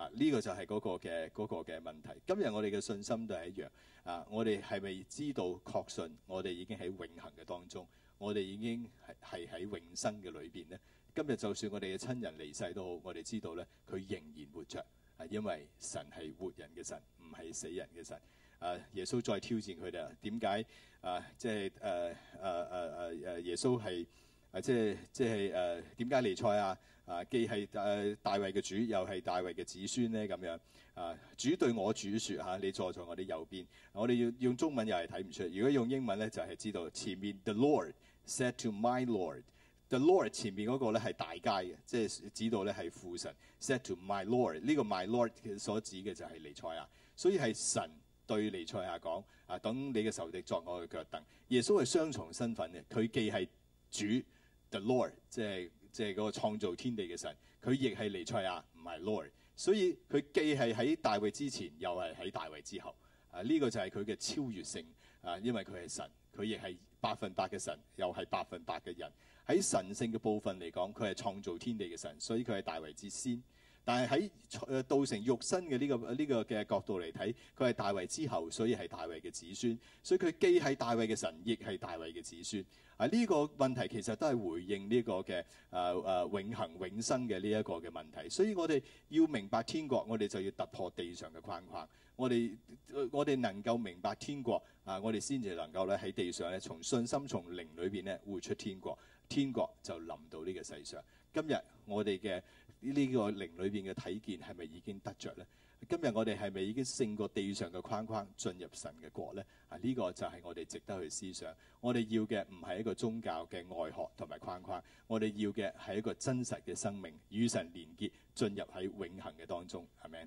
啊！呢、這個就係嗰個嘅嗰個嘅問題。今日我哋嘅信心都係一樣。啊！我哋係咪知道確信我哋已經喺永恆嘅當中，我哋已經係係喺永生嘅裏邊咧。今日就算我哋嘅親人離世都好，我哋知道咧佢仍然活着，係、啊、因為神係活人嘅神，唔係死人嘅神。啊！耶穌再挑戰佢哋啊，點、就、解、是、啊？即係誒誒誒耶穌係。啊，即係即係誒點解尼賽亞啊,啊？既係誒大衛嘅主，又係大衛嘅子孫呢。咁樣啊！主對我主説嚇、啊：你坐在我哋右邊。我哋要用中文又係睇唔出，如果用英文咧就係、是、知道前面 The Lord said to my Lord，The Lord 前面嗰個咧係大街，嘅，即係指到咧係父神 said to my Lord，呢個 my Lord 所指嘅就係尼賽亞。所以係神對尼賽亞講：啊，等你嘅仇敵作我嘅腳凳。耶穌係雙重身份嘅，佢既係主。The Lord，即係即係個創造天地嘅神，佢亦係彌賽亞，唔係 Lord。所以佢既係喺大衛之前，又係喺大衛之後。啊，呢、這個就係佢嘅超越性。啊，因為佢係神，佢亦係百分百嘅神，又係百分百嘅人。喺神性嘅部分嚟講，佢係創造天地嘅神，所以佢係大衛之先。但係喺誒道成肉身嘅呢個呢個嘅角度嚟睇，佢係大衛之後，所以係大衛嘅子孫，所以佢既係大衛嘅神，亦係大衛嘅子孫。啊，呢個問題其實都係回應呢個嘅誒誒永恆永生嘅呢一個嘅問題。所以我哋要明白天國，我哋就要突破地上嘅框框。我哋我哋能夠明白天國啊，我哋先至能夠咧喺地上咧，從信心從靈裏邊咧活出天國。天國就臨到呢個世上。今日我哋嘅。呢呢個靈裏邊嘅體見係咪已經得着呢？今日我哋係咪已經勝過地上嘅框框，進入神嘅國呢？啊，呢個就係我哋值得去思想。我哋要嘅唔係一個宗教嘅外學同埋框框，我哋要嘅係一個真實嘅生命與神連結，進入喺永恆嘅當中。阿 men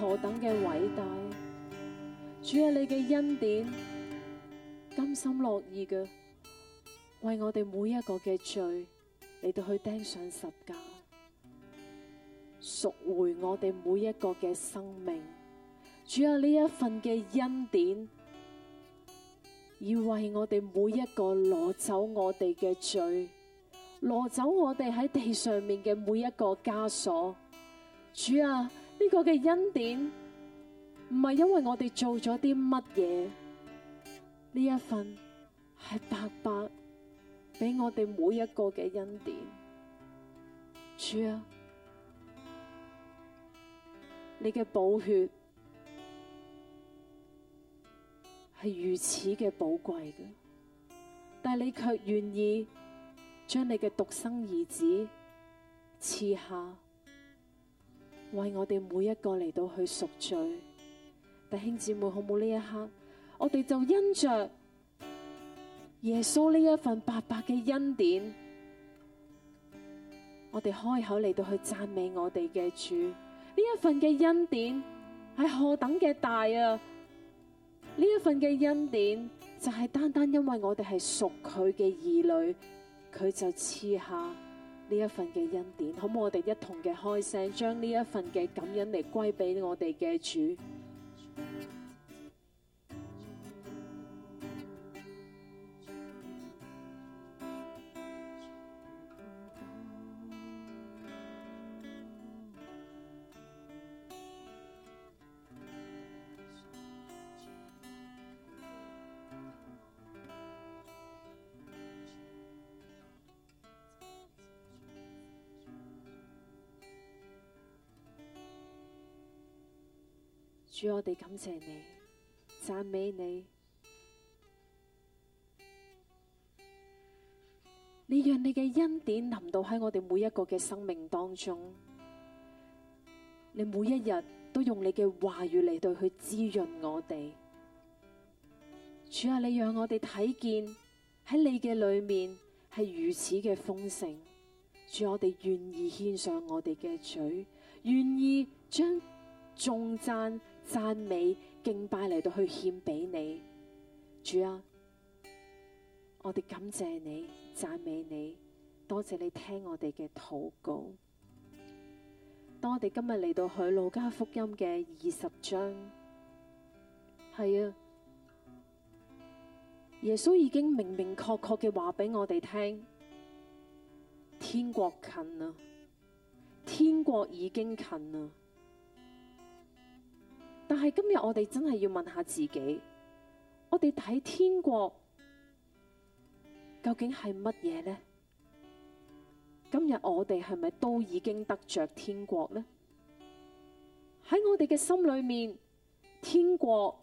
何等嘅偉大，主啊，你嘅恩典甘心樂意嘅，為我哋每一個嘅罪嚟到去釘上十架，贖回我哋每一個嘅生命。主啊，呢一份嘅恩典，要為我哋每一個攞走我哋嘅罪，攞走我哋喺地上面嘅每一個枷鎖。主啊！呢個嘅恩典唔係因為我哋做咗啲乜嘢，呢一份係白白俾我哋每一個嘅恩典。主啊，你嘅寶血係如此嘅寶貴嘅，但係你卻願意將你嘅獨生兒子賜下。為我哋每一個嚟到去贖罪，弟兄姊妹，好冇？呢一刻，我哋就因着耶穌呢一份白白嘅恩典，我哋開口嚟到去讚美我哋嘅主。呢一份嘅恩典係何等嘅大啊！呢一份嘅恩典就係單單因為我哋係屬佢嘅兒女，佢就賜下。呢一份嘅恩典，可唔可以我哋一同嘅開聲，將呢一份嘅感恩嚟歸俾我哋嘅主？主，我哋感謝你，讚美你，你讓你嘅恩典臨到喺我哋每一個嘅生命當中。你每一日都用你嘅話語嚟對佢滋潤我哋。主啊，你讓我哋睇見喺你嘅裏面係如此嘅豐盛。主，我哋願意獻上我哋嘅嘴，願意將頌讚。讚美敬拜嚟到去獻畀你，主啊，我哋感謝你，讚美你，多謝你聽我哋嘅禱告。當我哋今日嚟到去路加福音嘅二十章，係啊，耶穌已經明明確確嘅話畀我哋聽，「天國近啊，天國已經近啊。」但係今日我哋真係要問下自己，我哋睇天國究竟係乜嘢呢？今日我哋係咪都已經得着天國呢？喺我哋嘅心裏面，天國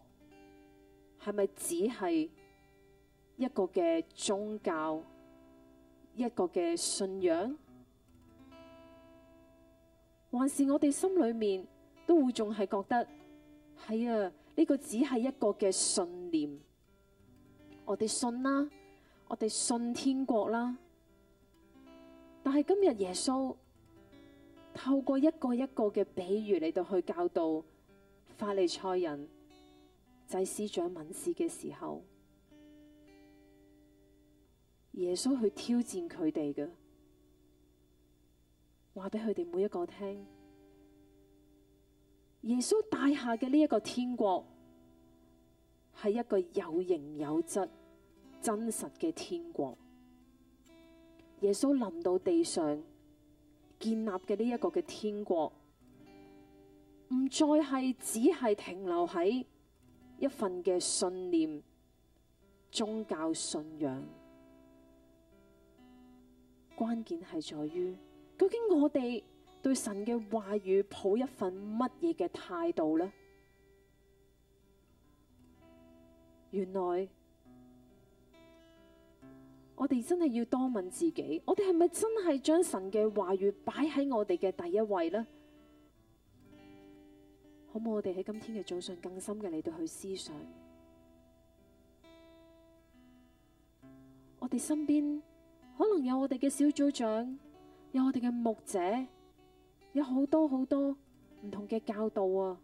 係咪只係一個嘅宗教，一個嘅信仰，還是我哋心裏面都會仲係覺得？係啊，呢、哎，這個只係一個嘅信念，我哋信啦，我哋信天國啦。但係今日耶穌透過一個一個嘅比喻嚟到去教導法利賽人、祭司長、文士嘅時候，耶穌去挑戰佢哋嘅，話俾佢哋每一個聽。耶穌帶下嘅呢一個天國，係一個有形有質、真實嘅天國。耶穌臨到地上建立嘅呢一個嘅天國，唔再係只係停留喺一份嘅信念、宗教信仰。關鍵係在於，究竟我哋。對神嘅話語抱一份乜嘢嘅態度呢？原來我哋真係要多問自己，我哋係咪真係將神嘅話語擺喺我哋嘅第一位呢？可唔可以我哋喺今天嘅早上更深嘅嚟到去思想？我哋身邊可能有我哋嘅小組長，有我哋嘅牧者。有好多好多唔同嘅教導啊！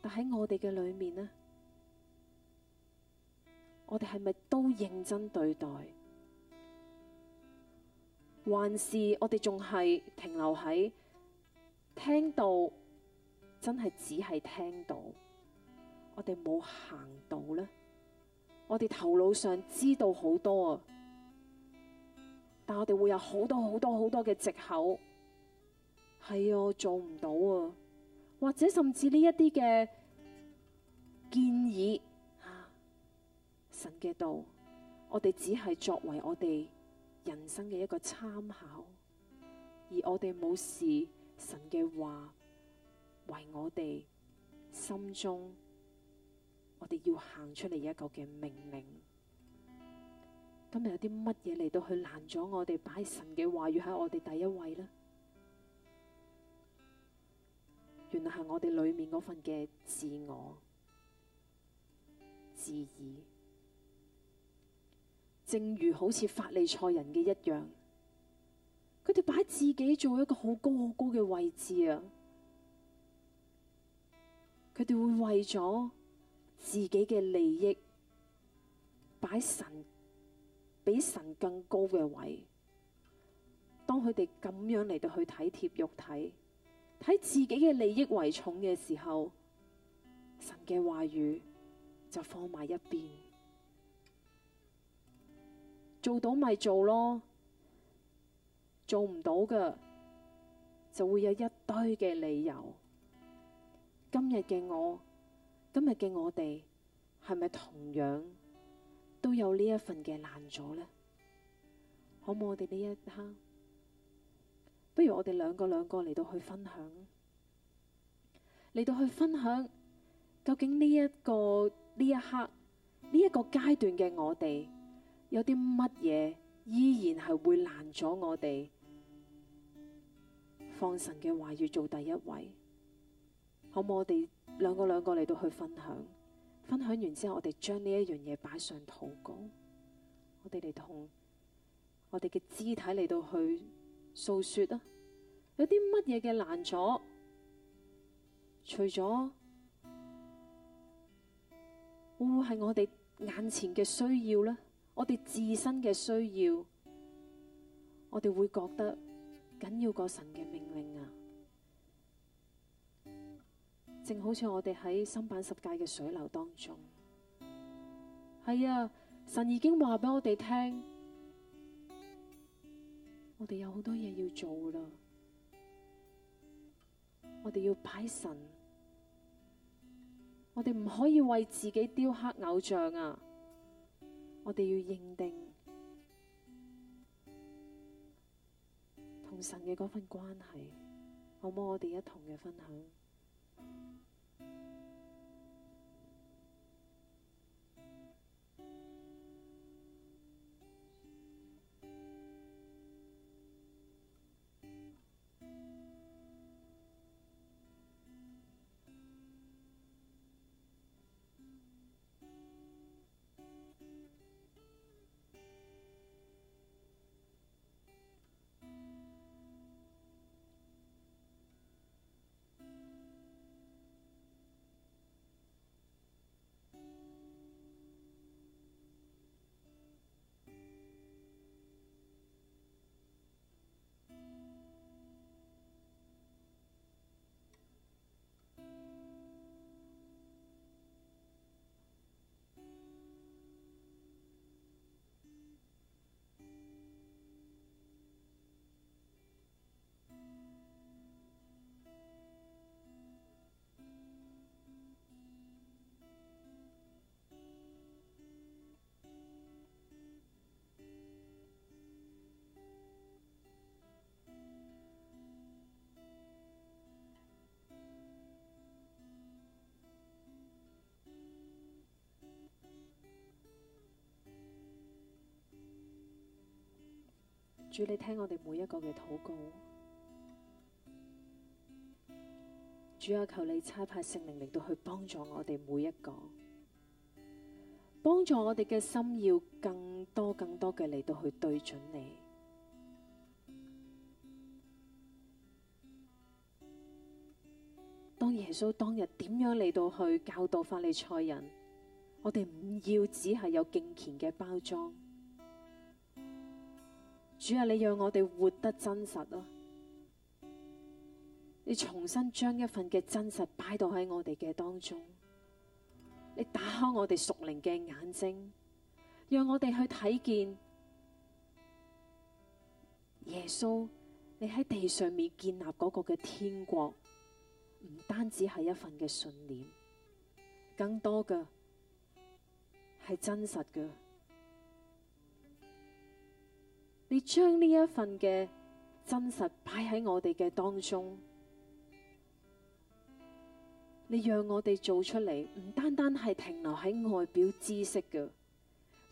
但喺我哋嘅裏面呢，我哋係咪都認真對待？還是我哋仲係停留喺聽到，真係只係聽到，我哋冇行到呢？我哋頭腦上知道好多啊！但我哋會有好多好多好多嘅藉口，係啊，做唔到啊，或者甚至呢一啲嘅建議啊，神嘅道，我哋只係作為我哋人生嘅一個參考，而我哋冇視神，神嘅話為我哋心中，我哋要行出嚟一個嘅命令。今日有啲乜嘢嚟到去攔阻我哋擺神嘅話語喺我哋第一位呢？原來係我哋裏面嗰份嘅自我、自義，正如好似法利賽人嘅一樣，佢哋擺自己做一個好高好高嘅位置啊！佢哋會為咗自己嘅利益擺神。比神更高嘅位，當佢哋咁樣嚟到去體貼肉體，睇自己嘅利益為重嘅時候，神嘅話語就放埋一邊，做到咪做咯，做唔到嘅就會有一堆嘅理由。今日嘅我，今日嘅我哋係咪同樣？都有呢一份嘅攔阻呢？可唔可我哋呢一刻，不如我哋兩個兩個嚟到去分享，嚟到去分享，究竟呢一個呢一刻呢一個階段嘅我哋有啲乜嘢依然係會攔阻我哋，放神嘅話要做第一位，可唔可我哋兩個兩個嚟到去分享？分享完之後，我哋將呢一樣嘢擺上禱告，我哋嚟同我哋嘅肢體嚟到去訴說啊，有啲乜嘢嘅難阻？除咗會唔會係我哋眼前嘅需要咧？我哋自身嘅需要，我哋會覺得緊要過神嘅命令。正好似我哋喺新版十戒嘅水流當中，係啊，神已經話俾我哋聽，我哋有好多嘢要做啦，我哋要拜神，我哋唔可以為自己雕刻偶像啊，我哋要認定同神嘅嗰份關係，好冇？我哋一同嘅分享。主，你聽我哋每一個嘅禱告。主啊，求你差派聖靈嚟到去幫助我哋每一個，幫助我哋嘅心要更多、更多嘅嚟到去對準你。當耶穌當日點樣嚟到去教導法利賽人，我哋唔要只係有敬虔嘅包裝。主啊，你讓我哋活得真實咯！你重新將一份嘅真實擺到喺我哋嘅當中，你打開我哋屬靈嘅眼睛，讓我哋去睇見耶穌。你喺地上面建立嗰個嘅天國，唔單止係一份嘅信念，更多嘅係真實嘅。你將呢一份嘅真實擺喺我哋嘅當中，你讓我哋做出嚟，唔單單係停留喺外表知識嘅。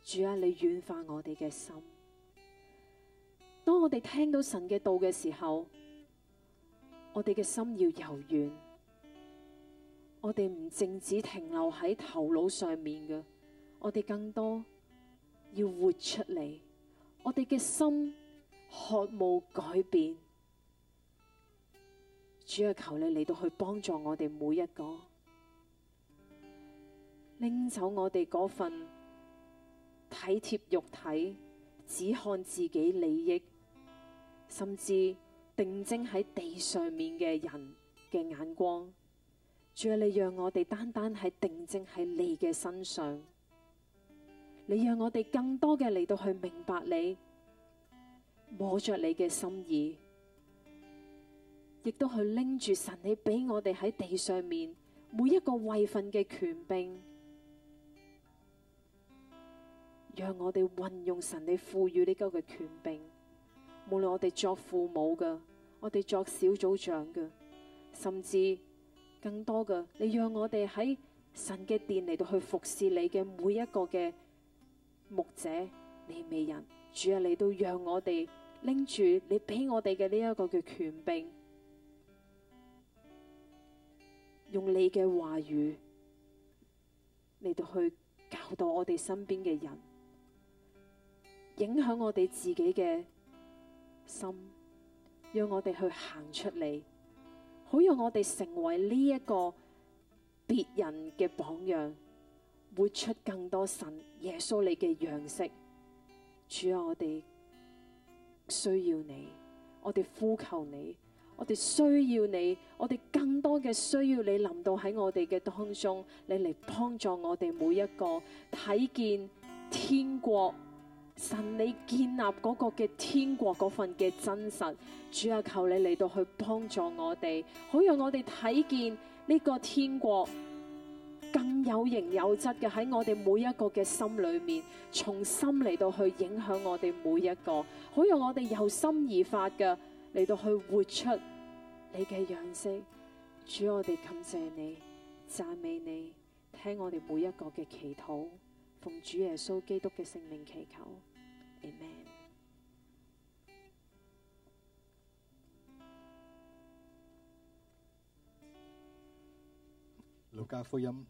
主啊，你軟化我哋嘅心。當我哋聽到神嘅道嘅時候，我哋嘅心要柔軟，我哋唔淨止停留喺頭腦上面嘅，我哋更多要活出嚟。我哋嘅心渴望改變，主要求你嚟到去幫助我哋每一個，拎走我哋嗰份體貼肉體、只看自己利益，甚至定睛喺地上面嘅人嘅眼光，主要你讓我哋單單係定睛喺你嘅身上。你讓我哋更多嘅嚟到去明白你，摸着你嘅心意，亦都去拎住神你俾我哋喺地上面每一個位份嘅權柄，讓我哋運用神你賦予呢個嘅權柄。無論我哋作父母嘅，我哋作小組長嘅，甚至更多嘅，你讓我哋喺神嘅殿嚟到去服侍你嘅每一個嘅。牧者，你未人，主啊，你都讓我哋拎住你畀我哋嘅呢一個嘅權柄，用你嘅話語嚟到去教導我哋身邊嘅人，影響我哋自己嘅心，讓我哋去行出嚟，好讓我哋成為呢一個別人嘅榜樣。活出更多神耶穌你嘅樣式，主啊，我哋需要你，我哋呼求你，我哋需要你，我哋更多嘅需要你臨到喺我哋嘅當中，你嚟幫助我哋每一個睇見天國神你建立嗰個嘅天國嗰份嘅真實，主啊，求你嚟到去幫助我哋，好讓我哋睇見呢個天國。更有形有質嘅喺我哋每一個嘅心裏面，從心嚟到去影響我哋每一個，好讓我哋由心而發嘅嚟到去活出你嘅樣式。主，我哋感謝你，讚美你，聽我哋每一個嘅祈禱，奉主耶穌基督嘅聖名祈求。阿門。路加福音。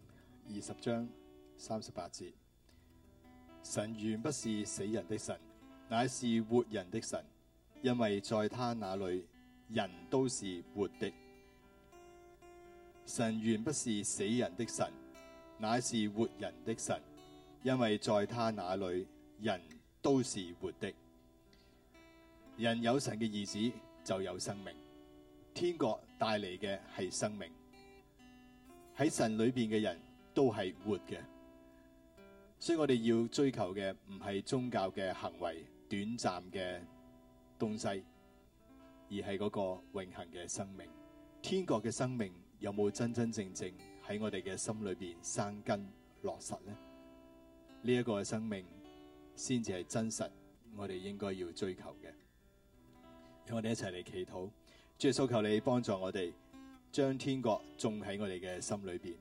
二十章三十八節，神原不是死人的神，乃是活人的神，因為在他那裏人都是活的。神原不是死人的神，乃是活人的神，因為在他那裏人都是活的。人有神嘅意志，就有生命，天國帶嚟嘅係生命，喺神裏邊嘅人，都係活嘅，所以我哋要追求嘅唔係宗教嘅行為、短暫嘅東西，而係嗰個永恆嘅生命。天國嘅生命有冇真真正正喺我哋嘅心裏邊生根落實呢？呢呢一個嘅生命先至係真實，我哋應該要追求嘅。讓我哋一齊嚟祈禱，主耶穌求你幫助我哋將天國種喺我哋嘅心裏邊。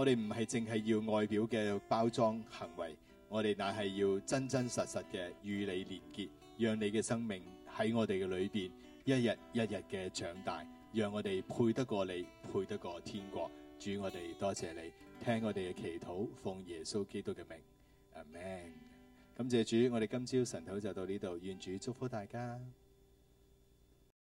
我哋唔係淨係要外表嘅包裝行為，我哋乃係要真真實實嘅與你連結，讓你嘅生命喺我哋嘅裏邊一日一日嘅長大，讓我哋配得過你，配得過天國。主，我哋多謝你，聽我哋嘅祈禱，奉耶穌基督嘅名，阿門。感謝主，我哋今朝晨禱就到呢度，願主祝福大家。